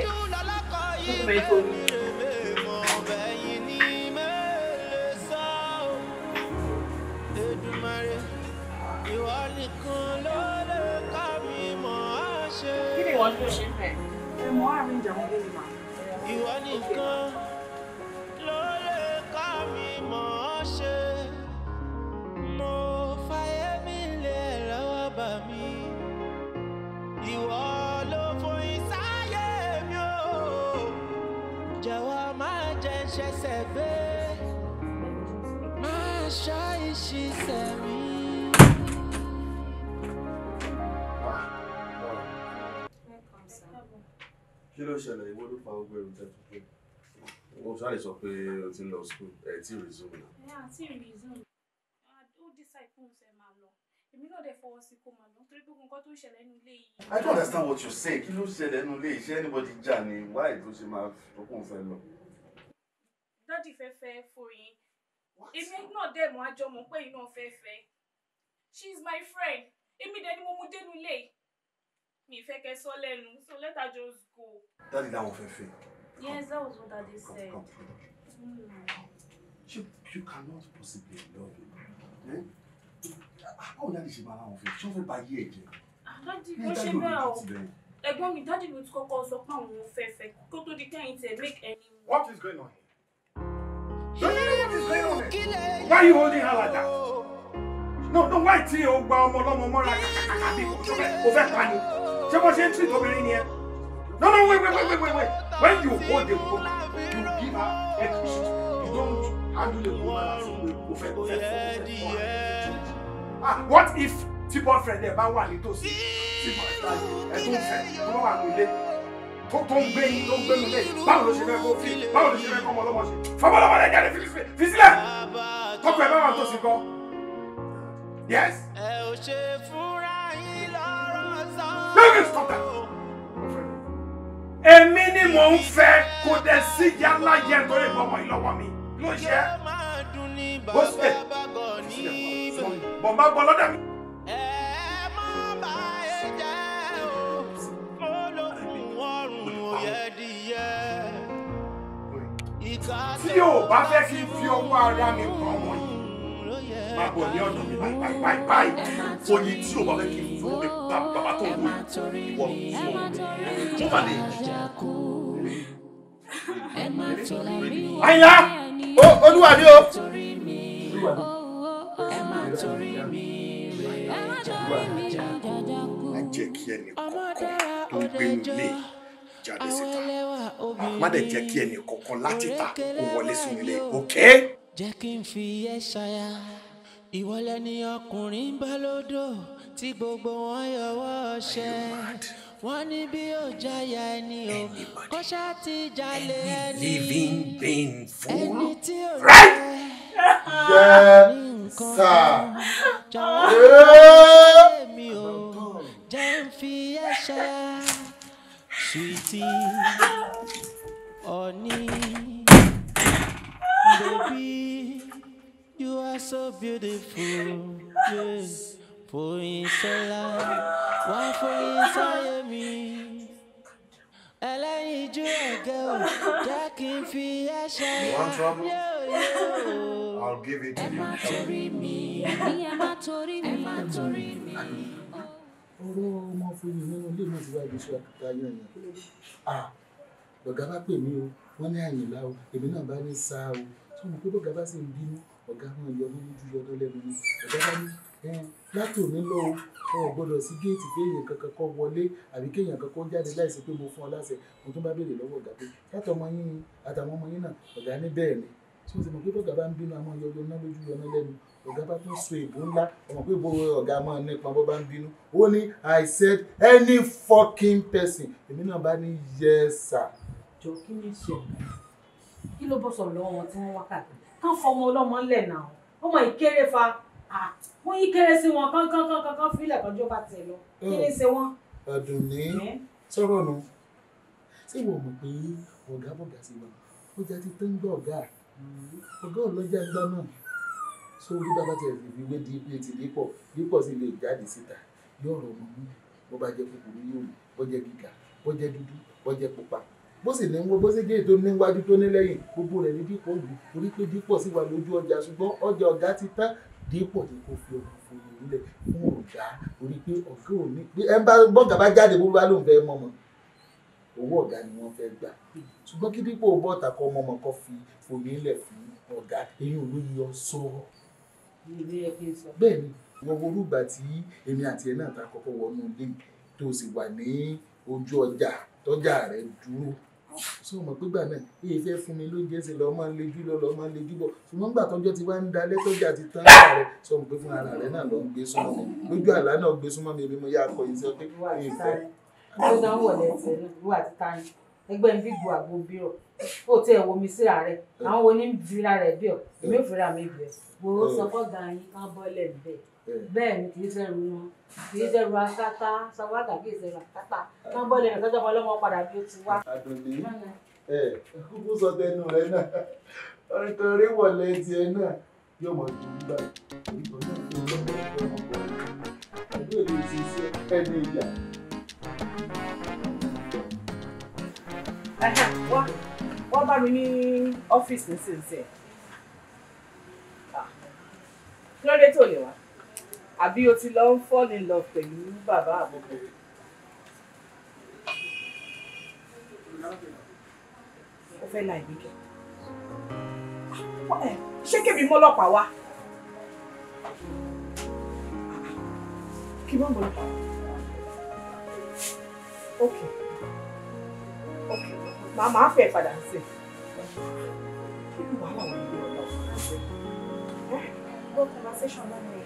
ṣáà sọ pé o ti ń lọ school ẹ ti resume ẹ àti resume ó decide fún ẹ máa lọ èmi náà dẹ̀ fọwọ́ sí kó máa lọ nítorí pé nǹkan tó ń ṣẹlẹ̀ nínú ilé yìí. I don't understand what you say kí ló ṣẹlẹ̀ nínú ilé yìí ṣé anybody jà ni why ló ṣe máa ọkùnrin fẹ́ lọ. dádì fẹ́ fẹ́ foyin èmi náà dẹ̀ mọ́ àjọ mọ̀ pé iná fẹ́ fẹ́ she is my friend èmi dẹ̀ ni mo mú dénú ilé mi ìfẹ́ kẹ́ sọ lẹ́nu so let her just go. dádì dáhùn fẹ́ fẹ́. Yes, that was what Daddy said. Come, come. Mm. You, you cannot possibly love him. Eh? How daddy ṣe máa wọn fi ṣọ́ fẹ́ bá yí ẹ̀jẹ̀? Dádì ló ṣe bẹ́ẹ̀ o. Ẹ̀gbọ́n mi, dádì ló ti kọ́kọ́ sọ pé àwọn fẹ́fẹ́ kó tó make any. What is going on here? Don't you know what is going on here? Why are you holding her like that? No, no, why tí o gba ọmọ ọlọ́mọ mọ́ra kàkàkà like kò fẹ́ over ni? Ṣé bó ṣe ń tì tóbi rí No, no, wait, wait, wait, wait, wait. When you hold a woman, you give her extra. You don't handle the woman as a offend, offend, Ah, what if tí boyfriend ẹ bá wà nítòsí tí boyfriend ẹ tó ń fẹ́ tó wà nílé Don't blame. ń gbé yín tó ń gbé mi lé báwo ló ṣe go kó fi báwo ló ṣe fẹ́ kó ọmọ ọlọ́mọ ṣe fọmọlọmọ lẹ jáde fi sílẹ̀ tọkọ ẹ bá wà nítòsí gan. yes. ẹ ò stop that èmi ni mò ń fẹ́ kó dẹ̀ síjà ńlá yẹ torí bọ́mọ ìlọ́wọ́ mi ló ṣe é ó ṣe bọ̀m̀bá gbọ́ lọ́dọ̀ mi. tí yóò bá fẹ́ kí n fi ọwọ́ ara mi pọ̀ wọ́n máa bọ̀ ní ọ̀nà mi báyìí báyìí báyìí oyin tí o bá fẹ́ kí n fún mi bàbá tó wù ìwọ fún mi fún màlẹ́ yìí. àyà olúwa ni o. má jẹ́ kí ẹnì kọ̀ọ̀kan tó gbé nílé jáde síta má dẹ̀ jẹ́ kí ẹnì kọ̀ọ̀kan láti ta kó wọlé sínú ilé òkè. jẹ́ kí n fi ẹ́ ṣayá ìwọlẹ̀ ni ọkùnrin bá lódò tí gbogbo wọn yọwọ́ ṣe wọ́n ní bí ó jáyà ẹni o kó ti jalè ẹni ẹni tí ó jẹ́ ní nǹkan jọ̀wọ́ mi o jẹ́ ń fi ẹ̀ṣẹ̀ sweetie honey baby. You are so beautiful. Yes. For Wá poinsettia mi. Ẹlẹ́yinjú ẹ̀gẹ́ I jẹ́ kí n fi ẹ ṣayá. I'll give it to you. Ẹ má torí mi, ẹ má torí Tori Me. má torí mi. Ọ̀rọ̀ ọmọ fún mi nínú ilé náà ti wá ibi iṣẹ́ àkàtà yẹn yẹn. Bọ̀gá bá pè mí o, wọ́n ní àyìnlá o, èmi náà bá ní sáà o. Sọ̀rọ̀ pé bọ̀gá bá sì ń bínú ọ̀gá máa yọ mí lójú yọ náà lẹ́nu ni ọ̀gá bá ní láti òní lọ o ò gbọ́dọ̀ sí géètì kéèyàn kankan kọ́ wọlé àbí kéèyàn kankan jáde láìsí pé mo fún ọ láṣẹ mo tún bá béèrè lọ́wọ́ ọ̀gá pé látọ̀ ọmọ yín àtàwọn ọmọ yín náà ọ̀gá ní bẹ́ẹ̀ ni tí mo sì mọ̀ pé bọ́gà bá ń bínú àmọ́ yọ yọ náà lójú yọ náà lẹ́nu ọ̀gá bá tún so èbó ńlá ọmọ pé ìbò ọ̀gá máa nípa bó bá ń bínú ó ní i said any fucking person èmi náà bá ní yes sir. jọ kí ni ṣe kí ló bọ́ sọ̀rọ̀ lọ́wọ́ tí wọ́n wá kán fọmọ ọlọ́mọ ńlẹ̀ náà ọmọ ìkéré fa wọ́n yí kéré sí wọn kánkánkánkán fílẹ̀ kọjọ́ bá tẹ̀ lọ kí ni ṣe wọ́n. àdùnní sọ̀rọ̀ nu ṣé wọ́n mọ̀ pé ọ̀gá bọ̀gá sí wa ọjà ti tán gbọ́ ọ̀gá ọ̀gá ọlọ́jà gbá náà so bí bàbá tẹ̀ fi wé di ibi ètì dípọ̀ dípọ̀ sí lè jáde síta yóò rọ̀ ọmọ mú bó bá jẹ́ kúkúrú yóò mú bó jẹ́ gíga bó jẹ́ dúdú bó jẹ́ pupa bó sì ní bó sì géè tó níwájú tó ní lẹ́yìn gbogbo rẹ̀ ní dípò ògùn torí pé dípò sì wà lójú ọjà ṣùgbọ́n ọjà ọ̀gá ti tán dípò tí kò fi ògùn fún ògùn lẹ̀ fún ọ̀gá orí pé ọ̀gá ò ní pé ẹ bá bọ́ǹkà bá jáde bó bá lóun fẹ́ mọ̀mọ́ owó ọ̀gá ni wọ́n fẹ́ gbà ṣùgbọ́n kí dípò bọ́ọ̀tà kọ́ mọ̀mọ́ kọ́ fi ògùn lẹ̀ fún ọ̀gá eyín olóyè ọ̀ṣọ́ bẹ́ẹ̀ ni mo worú ìgbà tí èmi àti ẹ̀ náà ta kọ́kọ́ wọnú ilé tó sì wà ní ojú ọjà tọ́jà rẹ̀ dúró ṣé o mọ̀ pé gbà náà èyí fẹ́ fún mi lóúnjẹ ṣe lọ́ọ́ máa ń lejú lọ lọ́ọ́ máa ń lejú bọ̀ ṣùgbọ́n gbà tọ́jọ́ ti wá ń da lẹ́tọ́jà ti tán ara rẹ̀ ṣé o mọ̀ pé fún ara rẹ̀ náà lọ́ọ́ gbé súnmọ́ mi lójú àlá náà gbé súnmọ́ mi èmi mo yá akọ ìṣe ọdẹ èyí fẹ́. ọ̀dọ́ wọlé ẹ̀sẹ̀ lójú àti ẹgbẹ́ ń bí àgbo bí ó tí ẹ̀ mi síra rẹ̀ àwọn wo ní ń rẹ̀ bí èmi ò fira mi bí ọ̀ wò ó sọ fọ́gà yín ká bọ́lẹ̀ bẹ́ẹ̀ bẹ́ẹ̀ ni kì í ṣẹrù wọn kì í ṣẹrù akátá sàwádà kì í ṣẹrù akátá wọn bọ́ ilẹ̀ nìkan jọba ọlọ́mọ padà bí ó ti wá. àdùnní ẹ kúkú sọ tẹnu rẹ náà nítorí wọlé tiẹ̀ náà yóò mọ ju gbà nítorí àdúgbò lè ti ṣe ẹni ìyà. wọ́n bá mi ní ọ́fíìsì nísinsìnyí ah, kí ló dé tó lè wá àbí o ti lọ ń fall in love pẹ̀lú bàbá àbúkù. ó fẹ́ la ìgbékẹ̀. Ah, ṣé kébì mọ́lọ́pàá wá? kí wọ́n mọ́lọ́pàá. ok ok màá máa fẹ́ padà sí i. kí ni wàhálà wọn ní ọ̀la ọ̀sán? ẹ gbọ́ conversation náà ni.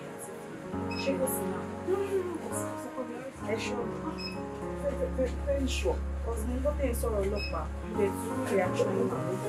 She goes, no, no, no, no, ẹ ṣọ́ fẹ́ fẹ́ ìṣọ̀ ọ̀sìn lọ́tẹ̀ sọ̀rọ̀ ọlọ́pàá ilẹ̀ tí ó yà ṣọ́ ní màlúù.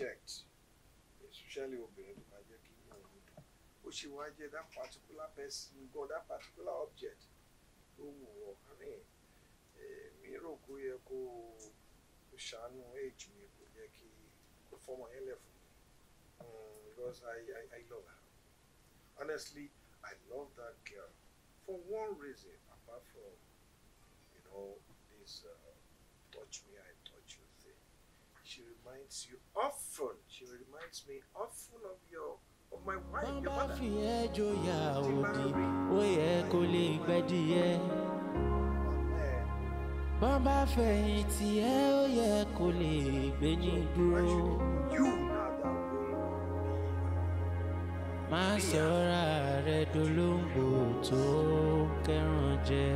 object especially obìnrin tó bá jẹ́ kí inú òun dùn ó ṣe wá jẹ́ that particular person God that particular object ló wù ọ́ àárín mi rò kó yẹ kó o ṣàánú age mi kó jẹ́ kí kó fọmọ yẹn lẹ̀ fún mi mm, because I, I, I love her honestly I love that girl for one reason apart from you know this uh, touch me I she reminds you often she reminds me often of your of my fi ẹjọ́ ya òdì ó yẹ kó lè gbẹ́dìyẹ. wọ́n bá fẹ̀yìn tì ẹ́ ó yẹ kó lè gbẹ́ni dúró. má sọ̀rọ̀ rẹ̀ dolóńgbò tó kẹ́ràn jẹ.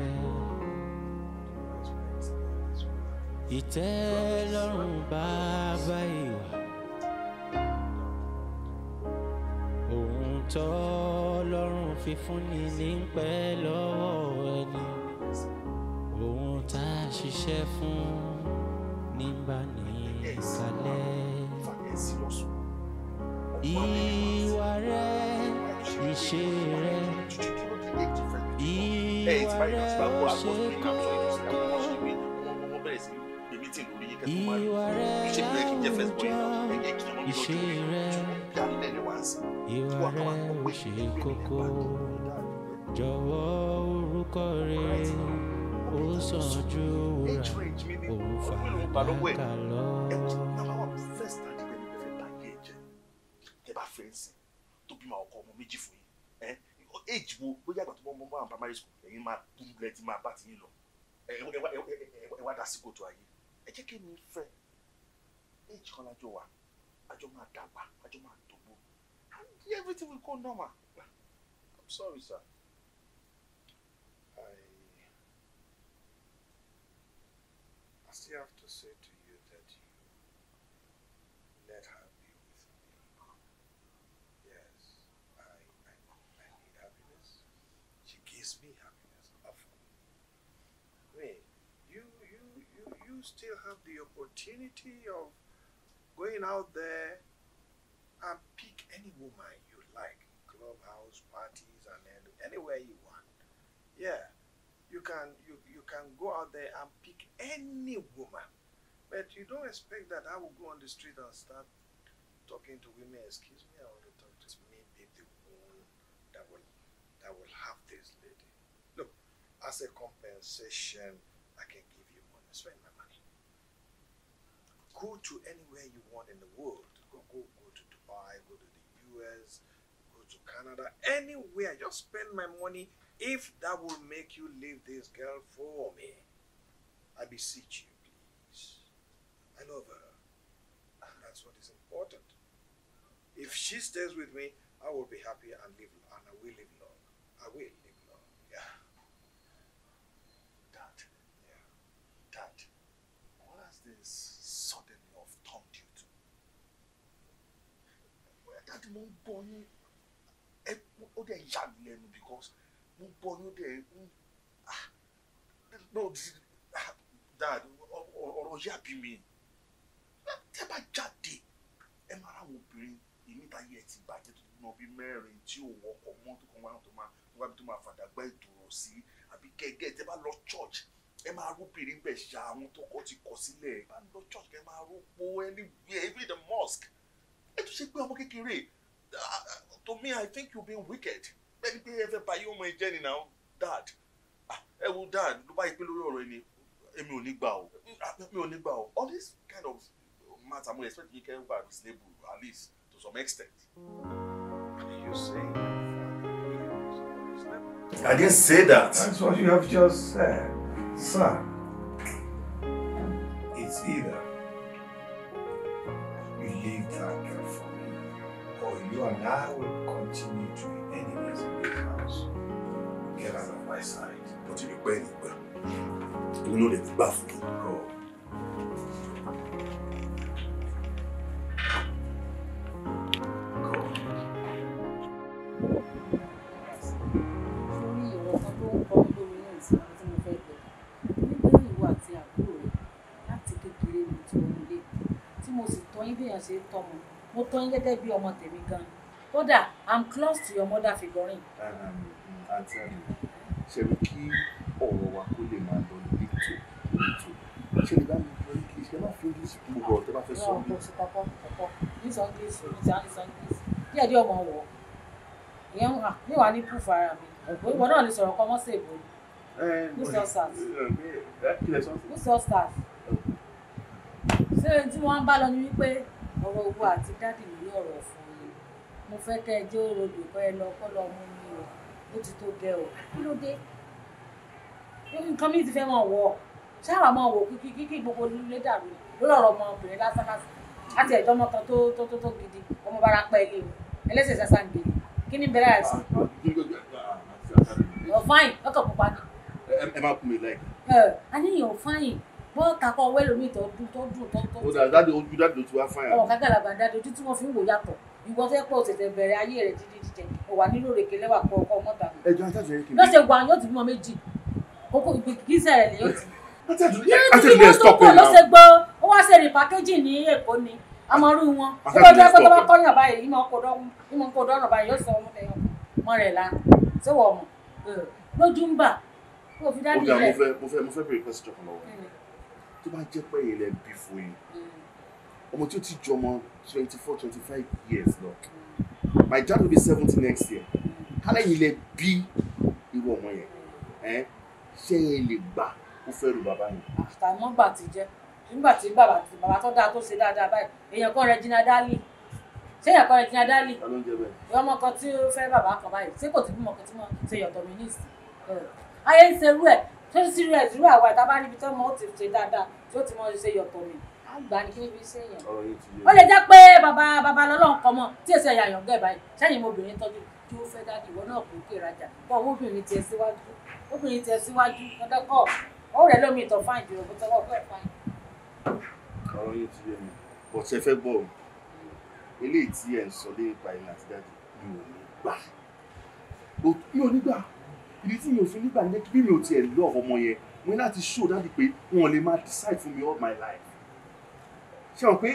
ìtẹ́lọ́rùn bàbá ìwà ohun tọ́lọ́run fífúnni ní pẹ́ lọ́wọ́ ẹni ohun tá a ṣiṣẹ́ fún ní bá ní kalẹ̀ ìwà rẹ ìṣe rẹ ìwà rẹ ṣe kókó everything lórí yín kẹ́kọ̀ọ́ máa rí ní ṣe bẹ́ẹ̀ kí n jẹ́ first boy náà ẹ jẹ́ kí n lójú dálẹ̀ ni wá sí i wà á wà pé ṣe kókó jọ̀wọ́ orúkọ rẹ ó sàn ju wúrà òun fàdákà lọ. age wo bóyá àgbà tó bọ́ mọ́ àwọn primary school ẹ̀yin máa dúró lẹ́tí máa bá ti yín lọ ẹ wá dá sí kòtò ayé ẹ jẹ́ kí mi fẹ́ age kan lájọ wa àjọ máa dàgbà àjọ máa dògbò and everything will go normal. I'm sorry sir. I I still have to say to you. still have the opportunity of going out there and pick any woman you like, clubhouse, parties, and anywhere you want. Yeah, you can you you can go out there and pick any woman, but you don't expect that I will go on the street and start talking to women. Excuse me, I want to talk to maybe the one that will that will have this lady. Look, as a compensation, I can give you money go to anywhere you want in the world. Go, go, go to Dubai, go to the US, go to Canada, anywhere. Just spend my money if that will make you leave this girl for me. I beseech you, please. I love her. And that's what is important. If she stays with me, I will be happy and live and I will live long. I will. tí mo ń gbọ́ yín ó dẹ̀ yà mí lẹ́nu because mo ń gbọ́ yín ó dẹ̀ ah, no ah, dad ọ̀rọ̀ yà bí mi tẹ́ bá jáde ẹ máa ráwọn obìnrin ìmíta yẹ ti bàjẹ́ tó dúró bíi mẹ́rin tí ò wọkọ̀ mọ́tò kan wá tó máa wá tó máa fàdàgbà ìdòrò sí àbí gẹ́gẹ́ tẹ́ bá lọ church ẹ máa róbìnrin bẹ̀ ṣá àwọn tó kọ́ ti kọ̀ sílẹ̀ ẹ bá lọ church kẹ́ máa rópo anywhere even in the mosque ẹ tún ṣe pé ọmọ kékeré to me i think you been wicked bẹ́ẹ̀ni pé ẹ fẹ́ ba yóò mọ ìjẹ́ nìyà dad ah, ẹ wo dad ló bá yí pé lórí ọ̀rọ̀ ẹni èmi ò ní gbà o mi ò ní gbà o all this kind of matter mo expect you can buy this label at least to some extent. you say I didn't say that. That's what you have just said, sir. It's either you and I will continue to be enemies in this house. Get out of my sight. But you pay it well. You know the bath to go. tí mo sì tọ́ yín bí èèyàn ṣe tọ́ mọ́ mo tọ́ yín gẹ́gẹ́ bí ọmọ tèmi gan kódà i'm close to your mother figurine. àti ṣẹ̀rù kí ọ̀rọ̀ wa kó lè máa lọ létò létò ṣe lè bá mi lọ kí ṣe bá fi english gbogbo ọ̀rọ̀ tẹ́ bá fẹ́ sọ mí. ọ̀pọ̀ ọ̀pọ̀ ọ̀pọ̀ ní sọ english ní sọ english díẹ̀ díẹ̀ ọmọ wọ̀ ìyẹn ń hàn níwàá ní proof ara mi ìwọ náà lè sọ̀rọ̀ kọ́ mọ́ sí èbó who sell stars who sell stars ṣé tí wọ́n ń bá lọ ni wípé ọ̀rọ̀ owó àti dádì lórí ọ̀rọ̀ fún mi mo fẹ́ kẹ́ ẹ jẹ́ òrodò kọ́ ẹ lọ kọ́ lọ mú mi o ó ti tó gẹ o kí ló dé nǹkan mi ti fẹ́ mọ̀ wọ̀ ṣáà mọ̀ wò kíkí kíkí gbogbo nílé dàrú lórí ọ̀rọ̀ ọmọbìnrin lásánlásán láti ẹ̀jọ́ ọmọ kan tó tó tó tó gidi ọmọ bára pẹ́ ilé o ẹlẹ́sẹ̀ sásá ń gbèrè kí ni bẹ̀rẹ̀ àti. ọ̀ ọkọ̀ pupa ni. ẹ má kún mi láì. ẹ àníyàn fáyìn bọ́ọ̀ kakọ wẹ́ lómi tó dùn tó dùn tó tó. o dà dáde ojú dáde ojú wa fáyà. ọ̀ọ́ kágàlàgbà dáde ojú tí wọ́n fi ń wò yàtọ̀ ìwọ fẹ́ pọ̀ tètè bẹ̀rẹ̀ ayé rẹ̀ dídí dídẹ ò wà nínú òrèké lẹ́wà kọ ọkọ mọ́ta. ẹjọ́ ajá jẹ́ kébé. lọ́sẹ̀ wà yóò ti bímọ méjì kókó ìgbésẹ̀ rẹ̀ lè yóò ti. yẹ́nì tí wọ́n tó pọ̀ lọ́sẹ̀ gbọ́ ó wá ṣe rìpákéjì ní Èkó ni amọ̀rú wọn ó bá jẹ́ pé tó bá kọ́yàn báyìí ìmọ̀ kó dọ́nà báyìí yóò sọ ọmọ tẹ̀yàn mọ́ rẹ̀ la ṣé wọ́n mọ̀ lójú ń bà kó fi dá nílẹ̀. ó dà mo fẹ́ mo fẹ́ mo fẹ́ bèrè pẹ́sìtì ọ̀kan lọ́wọ́ tó bá jẹ́ pé ilẹ̀ bí fún yín mm. ọmọ tí ó ti jọmọ twenty four twenty five years lọ my dad will be seventy next year mm. kálẹ̀ ilẹ̀ bí irú ọmọ yẹn mm. ṣé ẹ lè gbà ó fẹ́ ru bàbá yẹn. àtàmọ́ gbà ti jẹ́ nígbà tí bàbá tí bàbá tó dáa tó ṣe dáadáa báyìí èèyàn kan rẹ jìnnà dálì ṣé èèyàn kan rẹ jìnnà dálì ìwọ ọmọ kan tí ó fẹ́ bàbá kan báyìí ṣé kò tí bímọ kan tí wọ́n ṣe yọ̀tọ̀ mi ní ìsìn ayé ń ṣerú ẹ̀ tẹ́lẹ̀ sí rẹ̀ ìdúró àwa ìtaba níbi tó mọ́ ó ti ṣe dáadáa tí ó ti mọ́ ṣe yọ̀tọ̀ mi àgbà ní kí ni fi ṣe èèyàn. ó lè jẹ́ pé bàbá bàbá lọ́lọ́run kan tí èsì ẹ̀yà yọ̀ǹgẹ̀ báyìí sẹ́yìn obìnrin tọ́jú tí ó fẹ́ dájú ìwọ náà kò kéré ajá bọ́ obìnrin tiẹ̀ síwájú obìnrin tiẹ̀ síwájú kọ́ńdọ́kọ́ ó rẹ̀ lómi ìtọ̀ fáìn jùlọ bó tọwọ́ fẹ́ fáìn. ọ̀rọ̀ yìí ti yé mi bọ̀ ṣe fẹ́ gbọ́ eléyìí tí ẹ̀ ń sọ lé ìdí tí mi ò fi nígbà ní bí mi ò tiẹ̀ lọ ọmọ yẹn mo ní láti show dáàdi pé wọn lè máa decide fún mi all my life ṣé wọn pé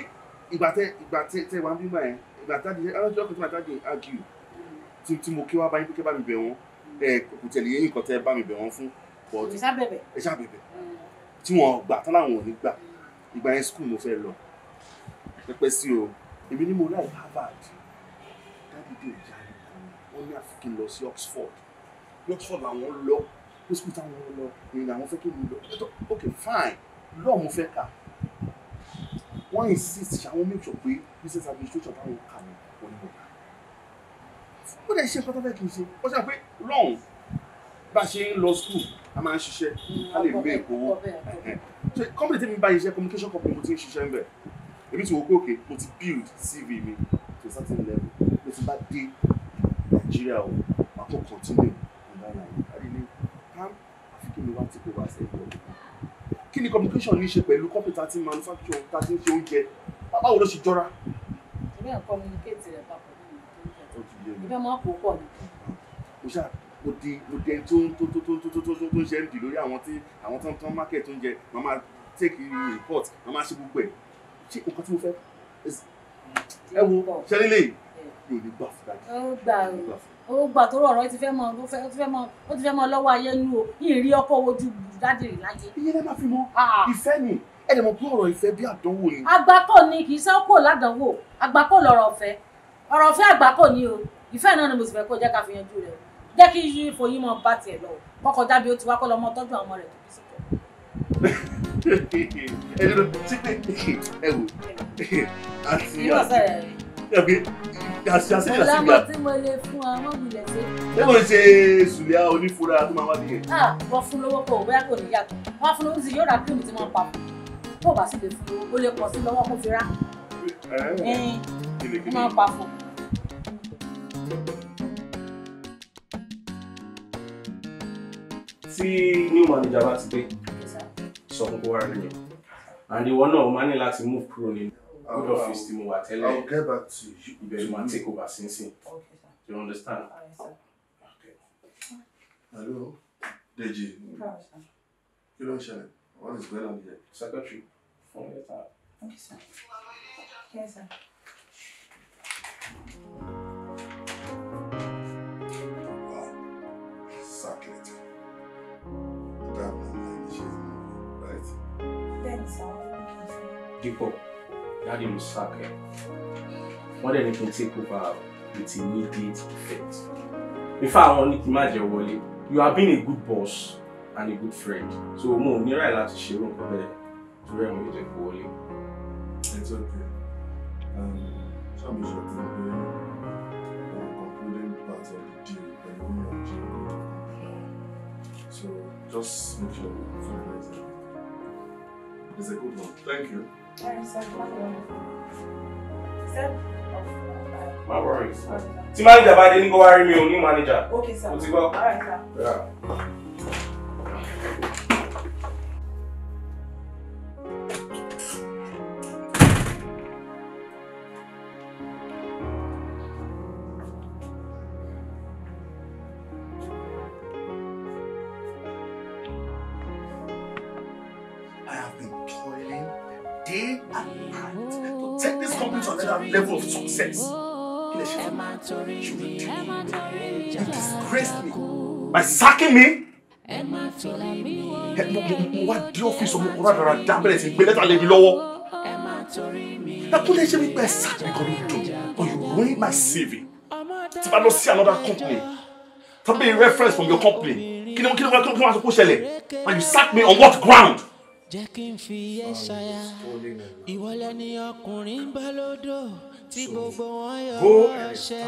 ìgbà tẹ ìgbà tẹ tẹ wà ń bímọ yẹn ìgbà táàdì alájọ kan tí màá táàdì argue tí tí mo kí wá báyìí pé kẹ́ bá mi bẹ̀ wọ́n ẹ kò tẹ̀lé yẹn nǹkan tẹ́ bá mi bẹ̀ wọ́n fún but ẹ ṣá bẹ̀bẹ̀ tí wọn gbà tán láwọn ò ní gbà ìgbà yẹn school mo fẹ́ lọ pẹpẹ sí o èmi ni mo láì Harvard dáàdi dé ìyá mi wọn ní àfikún lọ sí Oxford doctor làwọn lọ hospital wọn lọ ìrìn àwọn fẹ́ kí mi lọ ok fine lọ́ọ̀ mo fẹ́ kà wọ́n insist ṣàwọn make sure pé business administration táwọn kà ní wọ́n ní ọ̀gá ó dẹ̀ ṣe pátá bẹ́ẹ̀ kì í ṣe ó ṣàpè lọ́hùn bá a ṣe ń lọ school a máa ń ṣiṣẹ́ a lè mú èkó wó ṣe company tí mi bá iṣẹ́ communication company mo ti ń ṣiṣẹ́ ń bẹ̀ èmi ti wò pé òkè mo ti build CV mi to a certain level mo ti bá dé Nàìjíríà o màá kó continue kí ni wá ti kó wá sẹ́yìn ọ̀dọ̀ kí ni communication ní í ṣe pẹ̀lú kọ́pútà tí manufacture tá a ti ń ṣe oúnjẹ báwo ló ṣe jọra. ìbí ẹ̀ communicate rẹ̀ papọ̀ nínú ìtọ́jú ìbí ẹ̀ máa kó pọ̀ ní. mo ṣáà mo di mo di ẹni tó ń tó tó tó tó tó tó tó tó ń ṣe ń dì lórí àwọn tí àwọn tó tán market oúnjẹ màá máa take report màá máa ṣe gbogbo ẹ̀ ṣé nǹkan tí mo fẹ́ ẹ wo ṣẹlẹ̀ lè mi ò ní gbà fún dájú. ó gbà ó ó gbà tó rọrọ ó ti fẹ́ mọ ó ti fẹ́ mọ ó ti fẹ́ mọ lọ́wọ́ ayé nu o yìí rí ọkọ ojú dádìrì láyé. iye náà máa fi mọ ìfẹ́ ni ẹ lè mọ pé ọ̀rọ̀ ìfẹ́ bí àdánwò ni. àgbákò ni kì í sọ́kò ládánwò àgbákò lọ̀rọ̀ ọ̀fẹ́ ọ̀rọ̀ ọ̀fẹ́ àgbákò ni o ìfẹ́ náà ni mo sì fẹ́ kó jẹ́ ká fi yanjú rẹ̀ jẹ́ kí yí foyín mọ bá tiẹ̀ lọ kọ́kọ́ dábì ó ti wá kó lọ́mọ tọ́jú àwọn ọmọ rẹ̀ tó bí sí ẹ lọ sí pé ẹ wò àti àti ọ̀làmọ̀ tí mo lè fún ọ mọ́ mi lẹ̀ sí. ṣé kò ń ṣe sùlíà onífura tó máa o bí yẹn. wọ́n ah, fún lówó pọ̀ bóyá kò ní yàtọ̀ wọ́n fún lówó sí yóò ra kírìmù tí wọ́n pa kó bá sì lè fún lówó ó lè pọ̀ sí lọ́wọ́ kó fi rá. ẹ̀ẹ́n eh, eh, máa pa fún. tí new manager ti dé sọ fún kó wá náà o máa ní láti move kúrò nínú. I'll oh, office tí mo wà tẹ́lẹ̀ ibẹ̀ ni màá take over sínsìn you understand. Okay. hello Deji kí ló ń ṣẹlẹ̀ what is going on here. secretary fún mi lẹ́tà. Okay, sir. Yes, sir. Dípò. Daddy ló sack ẹ wọ́n dẹ̀ ní kí take over with immediate effect In fact, I kí n má jẹ́ you have been a good boss and a good friend so mo ò ní ráì láti ṣe irú nǹkan bẹ́ẹ̀ torí ẹ̀ mo lè jẹ́ Um, wọlé. ẹ ti ọkẹ ṣàbí ṣàkóso pé concluding part of the deal pẹ̀lú ní ọjọ́ ìgbà so just make sure you finalize it. It's a good one. Thank you. My worries. tí manager bá dé ní kó wá rí mi ò ní manager. Okay, sir. o ti gbọ́. all right sir. Yeah. princess you disgraced me by sacking me mo wá dé ọ́fíìsì ọmọ ọ̀rọ̀ àdàrà dábẹ́rẹ́ sí gbé lẹ́tà lé mi lọ́wọ́ nàkúlẹ̀ ṣe mi pẹ́ sack because you do? Or you ruin my CV If I don't see another company tàbí a reference from your company Can you kí ni kí ni wọ́n á sọ kó ṣẹlẹ̀ and you sack me on what ground jẹ́ kí n fi ẹ́ ṣaya ìwọlẹ́ ni ọkùnrin bá lódò tí gbogbo wọn yóò ṣe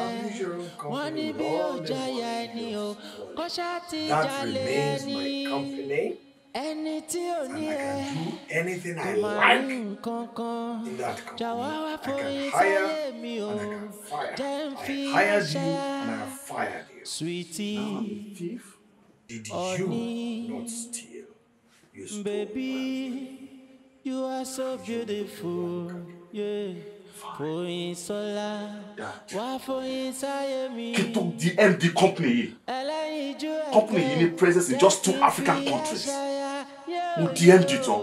wọn ní bí ó jayà ẹni o kọ́ṣá ti jalè ẹni ẹni tí ò ní ẹ kò máa rí nǹkan kan jàwá wá foyín sáyé mi o jẹ́ ń fi iṣẹ́ sweetie ọ̀ní baby you are so beautiful. Yeah. Foyin Sola, wá foyin MD company Company yìí ní presence in just two African countries. Mo di MD tán.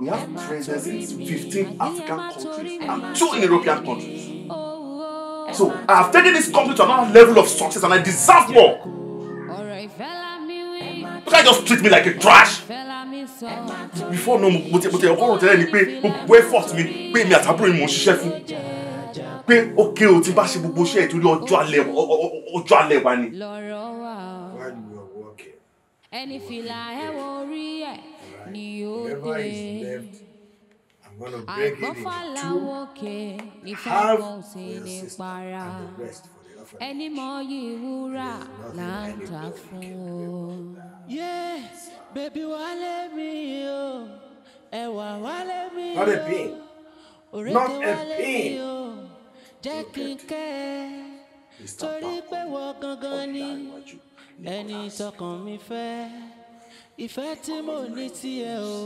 We have presence in 15 African countries and two European countries. So I have taken this company to another level of success and I deserve more. You can't just treat me like a trash before no mo ti ẹ̀kọ́ ọ̀rọ̀ tẹ́lẹ̀ ni pé gbogbo effort mi pé èmi àtàbúrò mi mò ń ṣiṣẹ́ fún pé ókè o ti bá ṣe gbogbo iṣẹ́ ìtorí ọjọ́ alẹ́ ọjọ́ alẹ́ wa ni. ẹni fìlà ẹ wo orí ẹ ni ó dé àgbọ̀fàlà wòkè nífà kan sì ní para ẹni mọ yìí wúrà là ń ta fún o. Bébí wálé mi o, ẹ̀wà wálé mi o, òrèké wálé mi o, jẹ́ kí n kẹ́ ẹ, torí pé wọ́n ẹni tọkàn mi fẹ́, ìfẹ́ tí mo ní tiẹ̀ o,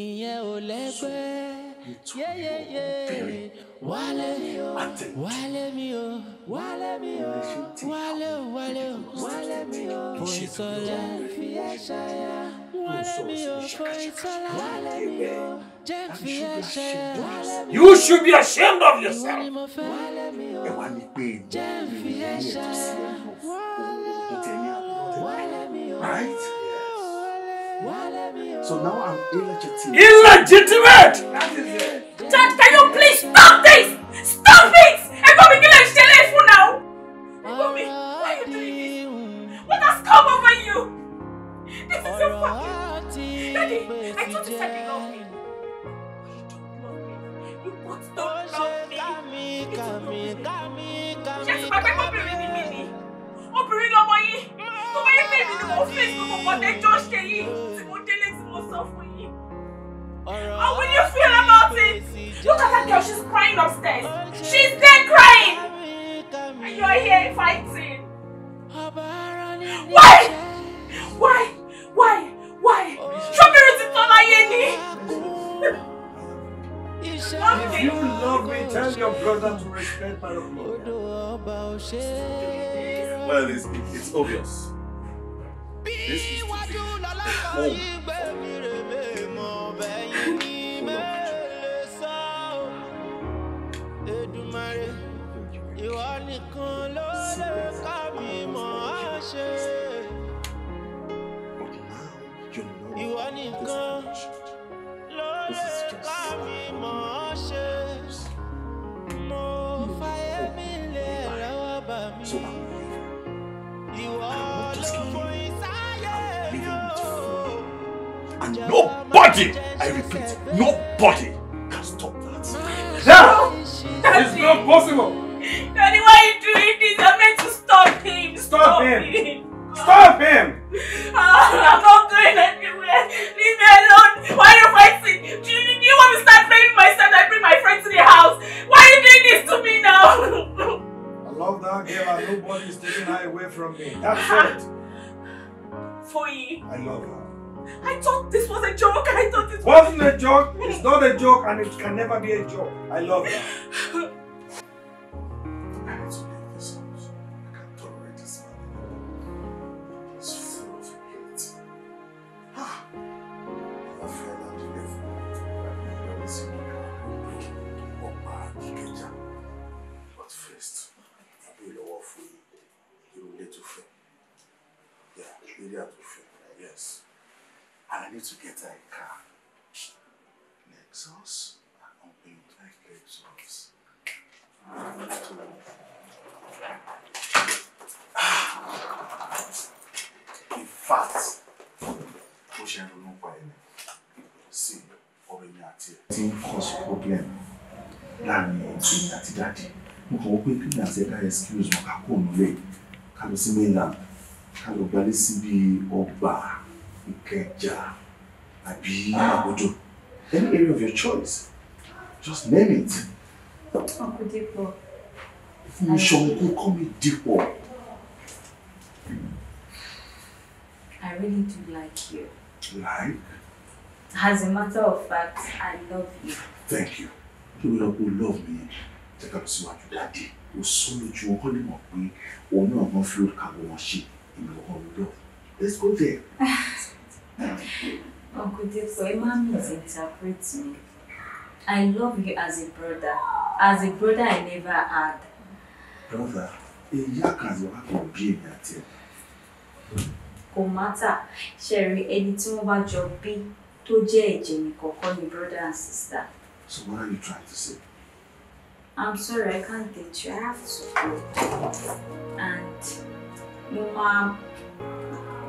ìyẹn ò lẹ́gbẹ́, yéyéyé. wálé wálé mi wálé mi wálé wálé wálé mi o Fọyìntọ́lá fi ẹ́ ṣayá wálé mi o Fọyìntọ́lá wálé mi You should be ashamed of yourself. right. So now I'm illegitimate. Illegitimate! Dad, can you please stop this? Stop it! Ẹ̀gbọ́n mi kí lè ṣe lé fún why are you doing this? What has come over you? This is your fucking... Daddy, I told you that you love me. You don't love me. You both don't love me. Ṣé ti pàpẹ́ mọ́bìnrin ni mí ni? Obìnrin lọmọ yín tó bá yẹ pé èmi ni mo fèsì gbogbo ọ̀dẹ jọ ṣe yìí tí mo délé tí mo sọ And when you feel about it, look at that girl, she's crying upstairs. She's there crying. And you're here fighting. Why? Why? Why? Why? Ṣọ́bìrì ti tọ́ láyé ni. If you love me, tell your brother to respect my love. Well, it's, it's obvious. This is the thing. Oh. Nobody, I repeat, nobody can stop that. No, it's not possible. Daddy, why are you doing this? I'm meant to stop him. Stop, stop him. him. Stop him. Ah, I'm not going anywhere. Leave me alone. Why are you fighting? Do you, do you want to start my son? I bring my friend to the house? Why are you doing this to me now? I love that girl and nobody is taking her away from me. That's it. For you. I love her. I thought this was a joke. I thought it was... Wasn't a joke. It's not a joke and it can never be a joke. I love you. sí mainland ká lọ síbi ọgbà ìkẹjà àbí àgọ́dọ̀ any area of your choice just name it. ọkọ dípò. fún ṣọ̀nkú kọ́ mi dípò. I really do like you. Like? As a matter of fact, I love you. Thank you. Kí ló yẹ kó love me. Jẹ́ ká lọ síwájú dáadé ó sún ju wọn kọ́ lè mọ̀ pé òun náà gan fi wọn ṣe ìlú ọ̀rọ̀ lọ let's go there. Ah, uncle Dipso ẹ má misinterpret me I love you as a brother as a brother I never had. brother èyí àkàzọ àkàwọ̀ bí èmi àti ẹ̀. kò mátà ṣẹ̀rí ẹni tí wọ́n bá jọ bí tó jẹ́ ẹ̀jẹ̀ nìkọ̀ọ̀kan ni brother and sister. so what are you trying to say? I'm sorry, I can't teach you. I have to. go. And mo máa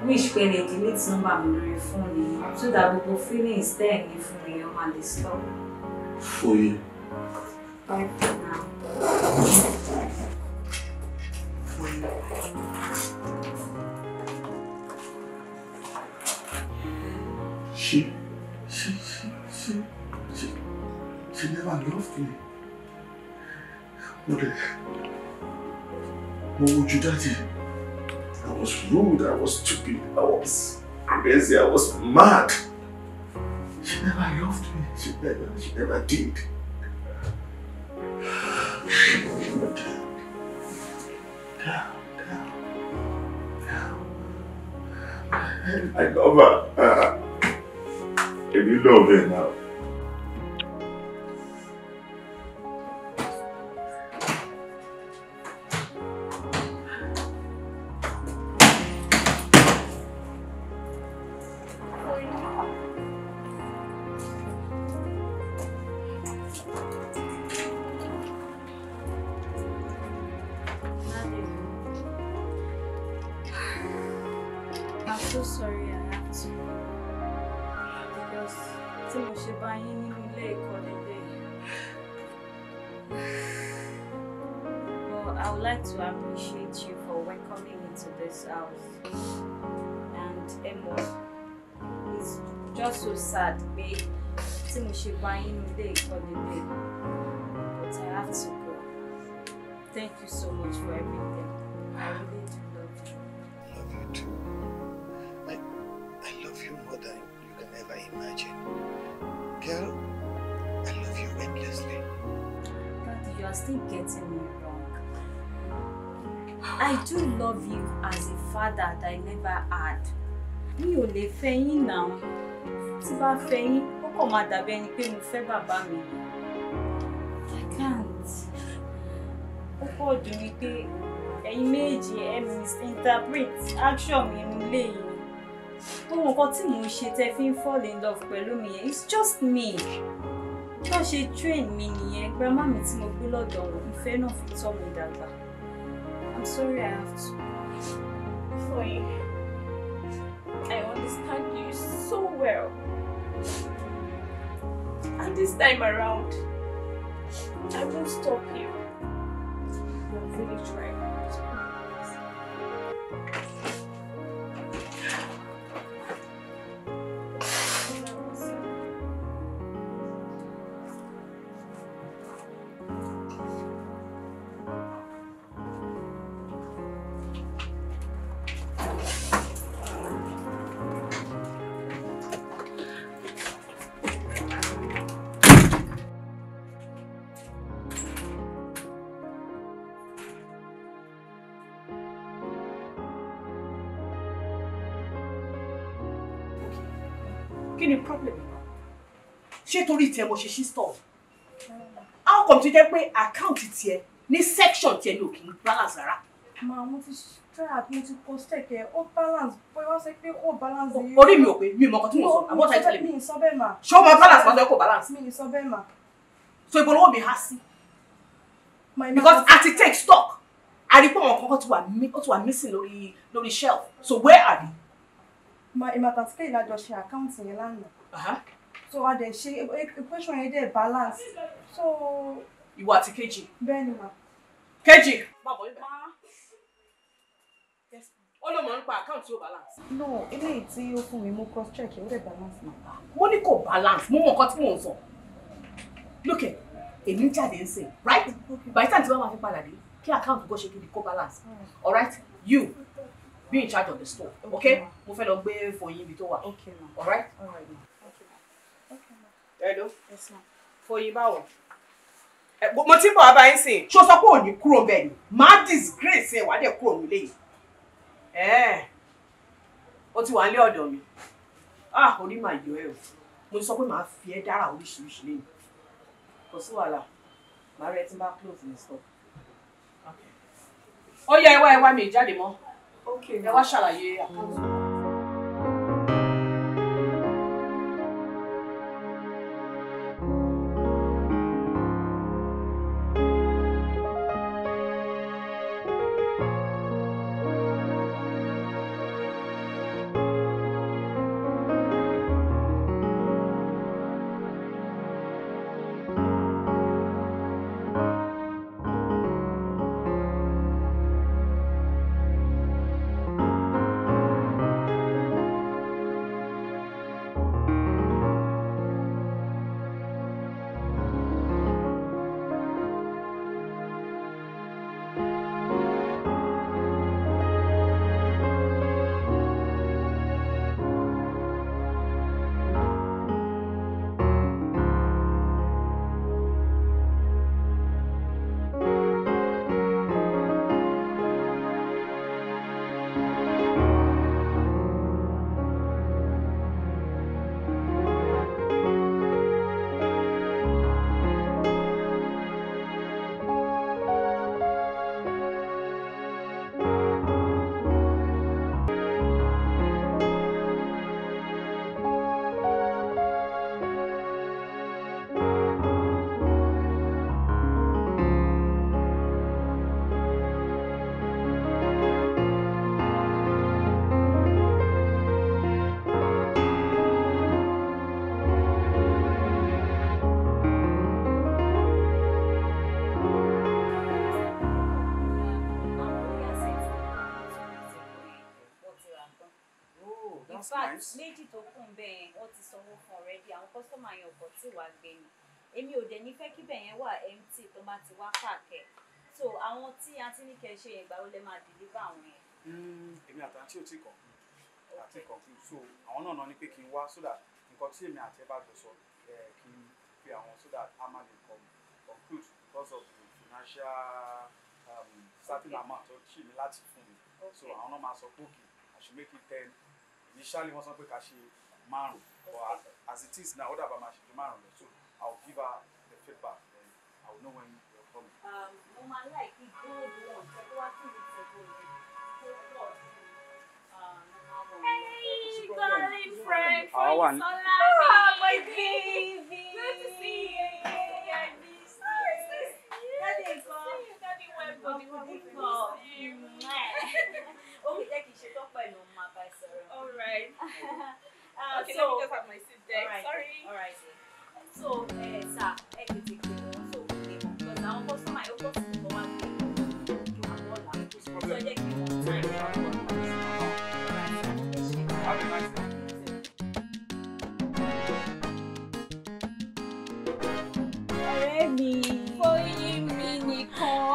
wish pé lè delete number mi your phone so that gbogbo feelings tẹ́ there ní fún mi yẹn máa lè stop. Oye. Bye for you. She, she, she, she, she, she never loved me. Lori, what would you daddy? I was rude, I was stupid, I was crazy, I was mad. She never loved me. She never, she never did. Down, down, down, I love her. Uh, if you love her now, getting me wrong. I do love you as a father that I never had. Mi ò lè fẹ́ yín náà. Tí bá fẹ́ yín, ó kàn máa dàbí ẹni pé mo fẹ́ bàbá mi. I can't. Ó pọ̀ dùn mí pé ẹ̀yin méjì ẹ̀ misinterpret action mi nù léyìí. Ohun kan tí mò ń ṣe tẹ́ fi ń fall in love pẹ̀lú mi yẹn, it's just me. tó ṣe train mi nìyẹn grandma mi tí mo gbé lọ́dọ̀ wọn ìfẹ́ náà fi tọ́ mi dàgbà i'm sorry i have to. for i understand you so well and this time around i won't stop you i'm really trying. ṣé torí tiẹ̀ mo ṣe ṣí stọọ how come ti jẹ́ pé àkáǹtì tiẹ̀ ní section tiẹ̀ ni ò kì í balance rárá. màá mo ti try mo ti kó stẹ̀kì ẹ̀ ó balance bóyá wọ́n ṣe pé ó balance. orí mi ò pé mi ò mọ ọkọ tí mo sọ àmọ́ ọ̀tá ìtẹ̀lẹ̀ mi. mi ì sọ bẹ́ẹ̀ mà. ṣé o máa balance máa sọ pé kò balance. mi ì sọ bẹ́ẹ̀ mà. so ibo lọ́wọ́ mi há sí. because as it takes stock a rí pé àwọn kankan ti wà missing lórí lórí shelf so where are they. ma ìmọ̀tàsíkè ìlàjọṣe àkáǹtì yẹn lánàá. Uh-huh so a dẹ̀ ṣe equation yẹn dẹ̀ balance so. ìwọ àti kejì. bẹ́ẹ̀ ni ma. kejì. bàbá yìí bá ó ló mọ̀ nípa àkáǹtì tí ó balance. no eléyìí tí ó fún mi mo cross check e, ó dẹ̀ balance ma. mo ní kò balance mo mọ̀ nǹkan tí mò ń sọ lókè èmi ń jáde ń sìn right by the time tí wọ́n máa fi padà dé kí àkáǹtì kó ṣe kí ni kó balance mm. alright you be in charge of the store okay mo fẹ́ lọ gbé fọyín ibi tó wà alright. Hello? Yes, ma'am. Fọyín báwo? Mo ti ń bọ̀ abáyín sí i. Ṣo kúrò ni? Màá disgrace ẹ̀ wá dẹ̀ kúrò nílé yìí. Ẹ́ẹ̀ o ti wà nílé ọ̀dọ̀ mi. Ah orí màá yọ ẹ o. Mo ti sọ pé màá fi ẹ́ dára oríṣiríṣi lẹ́yìn. Kò sí wàhálà. Màá rẹ tí stop. Ó yá ẹ mi jáde mọ́. Ẹ wá fact méjì tó kù ń bẹ̀ yẹn wọ́n ti sanwó fún ọ̀rẹ́dì àwọn kọ́sọ́mà yẹn ọkọ̀ tí wàá gbé ni èmi ò dẹ̀ ní fẹ́ kíbẹ̀ yẹn wà empty tó bá ti wá pàkẹ́ so àwọn tí a ti ní kẹ́ ṣe yẹn gbà ó lẹ́ máa deliver àwọn yẹn. Hmm, èmi àtàntí ò tí kọ̀ àti kọ̀ọ̀kan so àwọn náà náà ni pé kí n wá sódà nǹkan tí èmi àti ẹ bá jọ sọ kí n pe àwọn sódà a máa lè kọ conclude because of the financial um, certain okay. amount tó ṣì ní láti fún mi so àwọn náà máa sọ pé okay I should make it ten initially wọ́n sọ pé ká ṣe márùn but as it is now ó dàbá máa ṣe ju márùn lọ so i will give her the feedback then i will know when you are coming. Um, mo máa ń láìpẹ́ gold one tẹ́tọ́ wá sí mi tẹ́tọ́ rẹ̀ tó pọ̀ sí um, Hey, darling friend, for your Oh, my baby. Good to see you. I miss you. Oh, kọ́ mi wọ́n púpọ̀ ó mi jẹ́ kí n ṣe tó pẹ̀lú ọmọ àbá ìsọ̀rọ̀. all right uh, okay so, let me just have my seat there right, sorry. All right. so ẹ sà ẹ tètè pè wọ́n so kò lè mọ̀ because àwọn kọ́sọ́mà ẹ̀ ó kọ́ sí ìfọwọ́ wa pé kí wọ́n wọ́n là kó sọ jẹ́ kí wọ́n tán ìwé àwọn ọ̀rọ̀ ẹ̀ ṣe. ọ̀rẹ́ mi.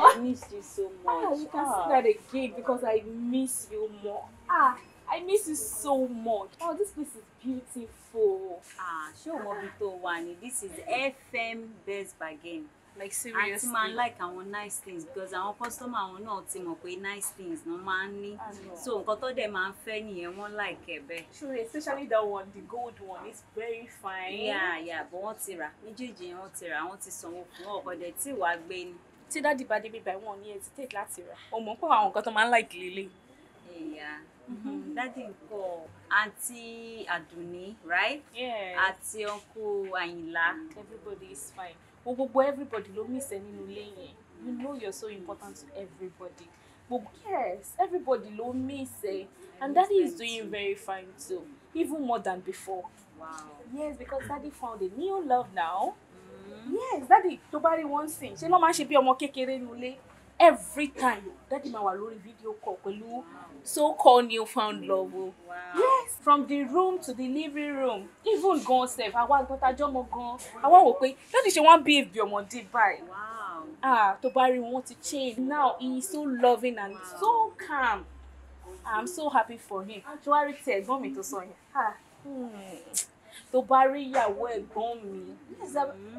I miss you so much. Ah, you can ah. say that again because I miss you more. Ah, I miss you so much. Oh, this place is beautiful. Ah, show more Bito one. This is FM Best Bargain. Like seriously. Àti máa ń like àwọn nice things because our customer àwọn náà ti mọ̀ pé nice things No money. So nǹkan tó dẹ̀ máa ń fẹ́ nìyẹn like ẹ̀ bẹ́ẹ̀. Sure, especially that one, the gold one, it's very fine. Yeah, yeah, but wọ́n ti Me méjèèjì yẹn wọ́n ti rà wọ́n ti sanwó fún ọ̀kọ̀dẹ̀ tí wàá gbé ni tí dáàdì bá débi báyìí wọn ò ní hesitate láti rà o mọ̀ pé àwọn nǹkan tó máa ń láì lélẹ̀. ìyá mhm. mm-hmm. dáàdì nkọ àǹtí àdùnní right àti ọkọ àyìnlá. everybody is fine o gbogbo everybody ló mìsẹ̀ nínú ilé yẹn you know you're so important to everybody gbogbo yes everybody ló mìsẹ̀ and daddy is doing very fine too even more than before. wow yes because daddy found a new love now yes dádì tó bá rí wọn sìn ṣé ló máa ń ṣe bí ọmọ kékeré nulé every time dádì máa wà lórí video call pẹ̀lú so called new found love o yes from the room to the living room even gan sef àwa gan tajọ́ mọ gan àwa wò pé dádì ṣe wọ́n bí ibi ọmọdé báyìí ah tó bá rí wọn ti change now he is so loving and so calm i'm so happy for him ṣé wàá rí tí ẹ̀gbọ́n mi tó sọ yẹn ah. Hmm tó bá rí ìyàwó ẹ̀gbọ́n mi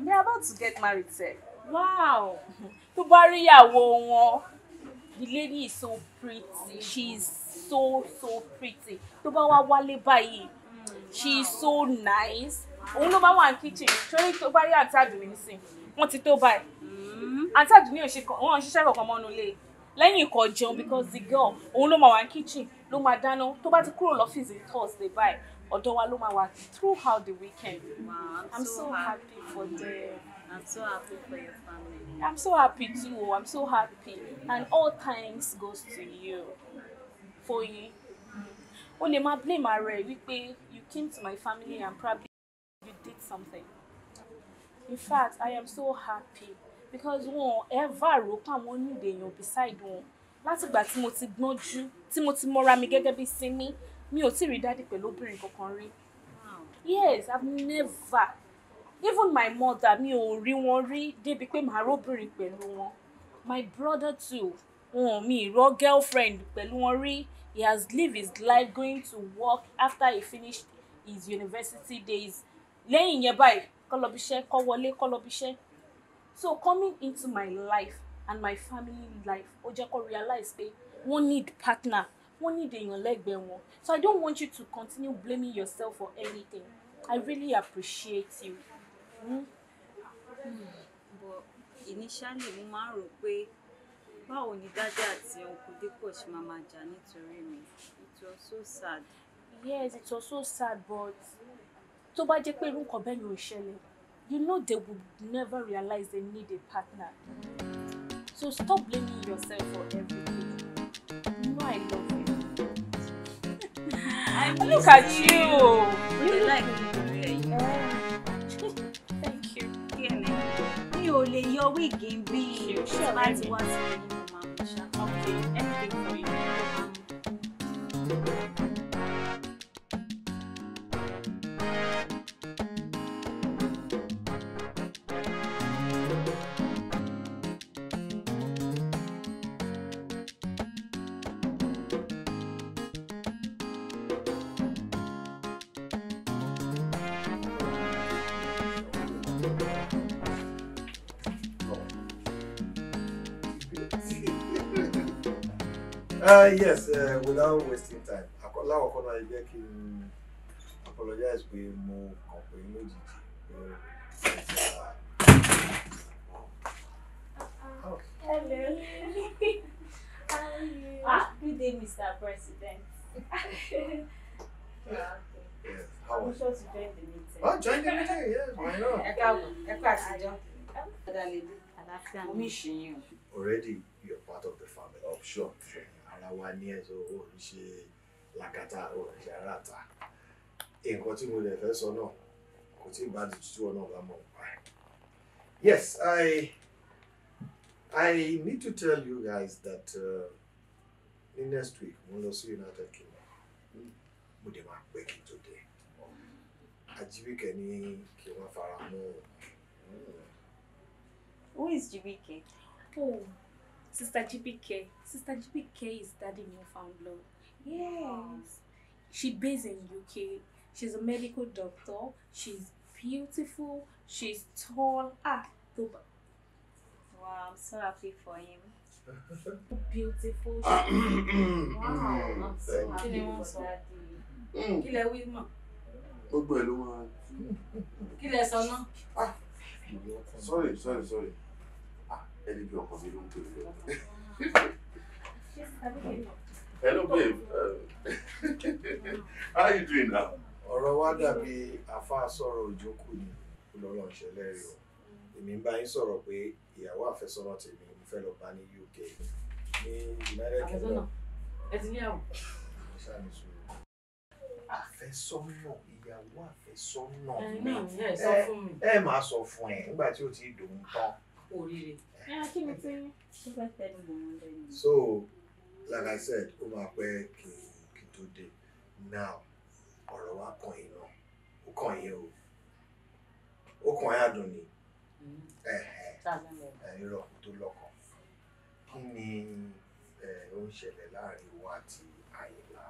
they are about to get married sef. wow tó bá rí ìyàwó wọn the lady is so pretty she is so so pretty tó bá wá wálé báyìí she is so nice òun ló bá wà ní kitchen torí tó bá rí àǹtí àdùnní nísìn wọn ti tó báyìí mm-hmm. àǹtí àdùnní ò ṣe wọn ò ṣiṣẹ́ kankan mọ́nu lé lẹ́yìn ìkọ̀ jẹun because the girl òun ló máa wà ní kitchen ló máa dáná tó bá ti kúrò lọ́fíìsì thursday báyìí ọ̀dọ̀ wa ló máa wà throughout the weekend wow, I'm, I'm so, so happy, happy for them. I'm so happy for your family. I'm so happy too. I'm so happy and all thanks goes to you. for you. lè máa blame ara ẹ you came to my family and probably you did something. In fact, I am so happy because wọn ever rò pé àwọn onídèèyàn beside wọn látìgbà tí mo ti gbọ́njú tí mo ti mi ò tíì rí dádì pẹ̀lú obìnrin kankan rí yes i've never even my mother mi ò rí wọn rí débi pé màá róbìnrin pẹ̀lú wọn my brother too wọn mi rọ girlfriend pẹ̀lú wọn rí he has lived his life going to work after he finished his university days lẹ́yìn yẹn báyìí kọ́ lọ bí iṣẹ́ kọ́ wọlé kọ́ lọ bí iṣẹ́ so coming into my life and my family life ó jẹ́ kó realize pé wọ́n need partner wọ́n ní ìdèyàn lẹ́gbẹ̀ẹ́ wọn so i don't want you to continue blaming yourself for anything i really appreciate you. Mm? but initially mo máa ń rò pé báwo ni dájú àti ọkùnrin ṣe máa máa jà nítorí mi it was so sad. yes it was so sad but tó bá jẹ́ pé irú nǹkan bẹ́ẹ̀ ni ò ṣẹlẹ̀ you know they would never realize they need a partner so stop blaming yourself for everything you know i love you. I Look at you. you. You like Thank you. Mi ò lè yọ wíìgì ń bí láti Okay, anything for you. Uh, yes uh, without wasting time láwọ̀kọ́ náà jẹ́ kí n apologize pé mo kàn pé lójijì Hello. How you? Ah, good day, Mr. President. okay. Yes, how are you? I'm sure to join the meeting. Oh, join the meeting, yes, why not? Ẹ káàbọ̀, ẹ kú àtijọ́. Ọ̀dà Already, you're part of the family. Oh, sure, sure ara wa ní ẹ̀ so ò ń ṣe nǹkan tí mo lè fẹ́ sọ náà kò tí ì bá ti tútù ọ̀nà ọ̀la mọ̀ nípa ẹ̀. Yes, I I need to tell you guys that uh, in next week mo lọ sí United Kingdom mo dẹ̀ máa pẹ́ kí n tó dé Ajibike ní kí wọ́n fara mọ́. Who is Jibike? Oh. Sister GPK. Sister GPK is Daddy Newfound Love. Yes. Wow. She based in UK. She's a medical doctor. She's beautiful. She's tall. Ah, Toba. Wow, I'm so happy for him. beautiful. wow, I'm so happy for Daddy. Mm. Kí lẹ with me? Gbogbo ẹ̀ ló ah. Sorry, sorry, sorry ẹni bí ọkọ mi ló hello babe um, how you doing now. ọ̀rọ̀ wa dàbí àfáà sọ̀rọ̀ òjòkú ni lọ́rọ̀ ṣẹlẹ̀ rí o èmi ń bá yín sọ̀rọ̀ pé ìyàwó àfẹ́sọ́nà tèmi mo fẹ́ lọ bá ní UK ní United Kingdom. ẹ ti ní àwọn. àfẹ́sọ́nà ìyàwó àfẹ́sọ́nà mi ẹ máa sọ fún ẹ nígbà tí o ti dòun tán oríire. Ah, so like i said ó máa pẹ́ kí kí tó dé now ọ̀rọ̀ wa kàn yín náà ó kàn yín o ó kàn yín àdùn ni mm-hmm. irọ́ tó lọ́kàn kí ni ó ń ṣẹlẹ̀ láàrin òun àti àyìnlá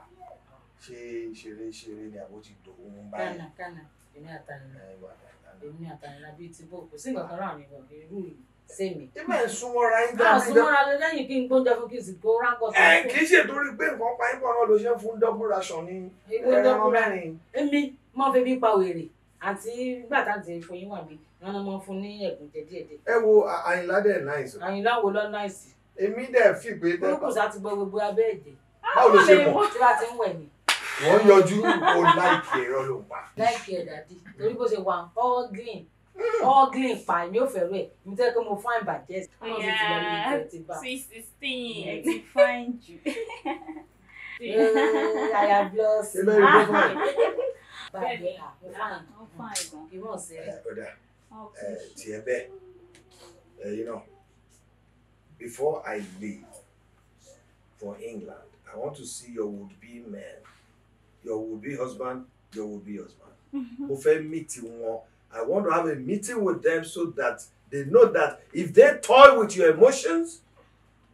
ṣé ṣeré ṣeré ni àbó ti dòun báyìí. kánà kánà èmi àtàyìnlá èmi àtàyìnlá bíi ti kò sí nǹkan kan láàrin ìwà ìrú ìlú sí mi. tí mẹ́ ń súnmọ́ra yín ah, dáadáa. máa súnmọ́ra lọ lẹ́yìn kí n gbóúnjẹ fún kí n sì kó ráńkọ tó. ẹ kì í ṣe torí pé nǹkan pa yín pọ̀ náà ló ṣe ń fún double ration ní ẹran mẹ́rin. èmi máa fi bí pa wèrè àti gbàtà tí fún yín wà mí wọn máa fún ní ẹ̀gùn jẹ́díẹ̀dẹ́. ẹ wo àyìnlá dẹ̀ náìsì. àyìnlá wo lọ náìsì. èmi dẹ̀ fi pé. olùkùsà ti gbọ́ gbogbo abẹ́ ẹ̀jẹ̀. báwo ló ah, ṣe mọ̀ tí wàá ti ń wọ́n yọjú o láìkì ẹ̀rọ ló pa. láìkì ẹ̀ dàdí torí bó ṣe wà ń kọ́ green Ugly, fàní ò fẹ́rẹ̀ ẹ̀ mi tẹ́ pé mo fáìn bàjẹ́ sí ọmọ mi ti lọ ní ìfẹ́ ti bá. sweet sixteen ẹ ah, eh, eh, ti fáìn jù. àyà blọọsì bàjẹ́ àpò fáìn ìmọ̀ sí ẹ. ọ̀dà tiẹ̀ bẹ́ẹ̀ eh, you know before I leave for England I want to see your would-be man your would-be husband your would-be husband mo fẹ́ meet wọn. I want to have a meeting with them so that they know that if they toy with your emotions,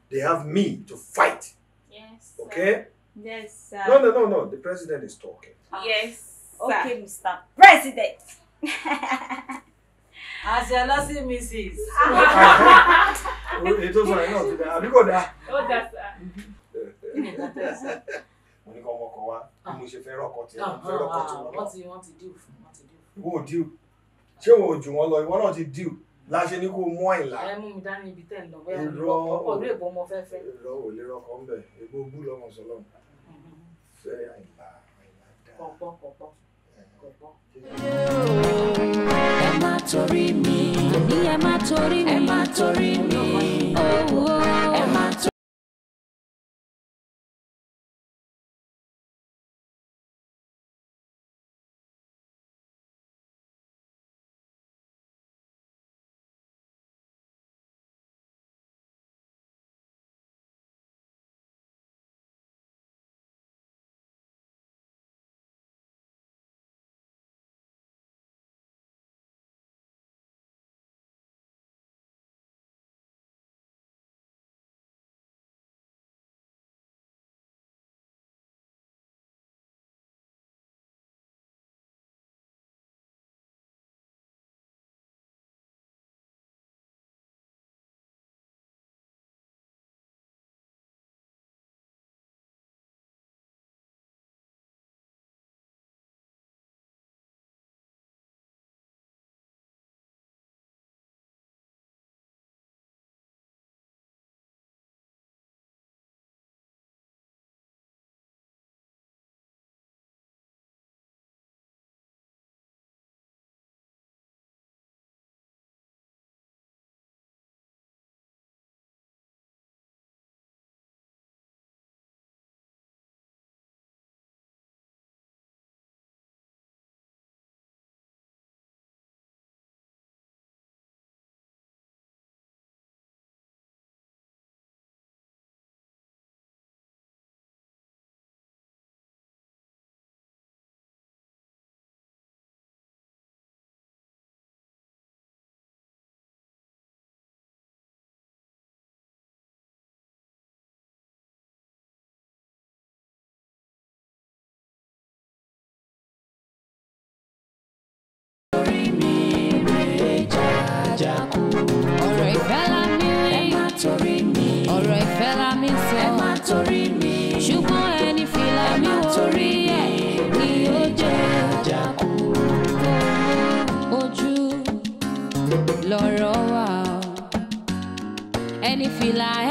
they have me to fight. Yes. Sir. Okay? Yes, sir. No, no, no, no. The president is talking. Ah. Yes. Okay, sir. Mr. President. As your lossy missus. It was like, no, have you got that? Oh, that's that. mo ní kọ́ ọmọkọ̀ wa bí mo ṣe fẹ́ rọ́kọ̀ tí wọ́n fẹ́ rọ́kọ̀ tí wọ́n. wọ́n ti wọ́n ti díù fún wọ́n ti díù fún. wọ́n ò díù ṣé wọn ò jù wọn lọ ìwọ náà ti deal láṣẹ ní kó mú àìlá. ẹ mú mi dání ibi tẹ́ ń lọ bẹ́ẹ̀ ni ọkọ̀ ìlú èbó mo fẹ́ fẹ́. ò lè rọkọ̀ ń bẹ̀ egbò bú lọ́mọ sọlọ́ fẹ́ àìlá àìlá dáa. kọ̀pọ̀ kọ̀pọ̀ kọ̀pọ̀. ẹ má torí mi ẹ má torí mi ẹ má torí mi. lie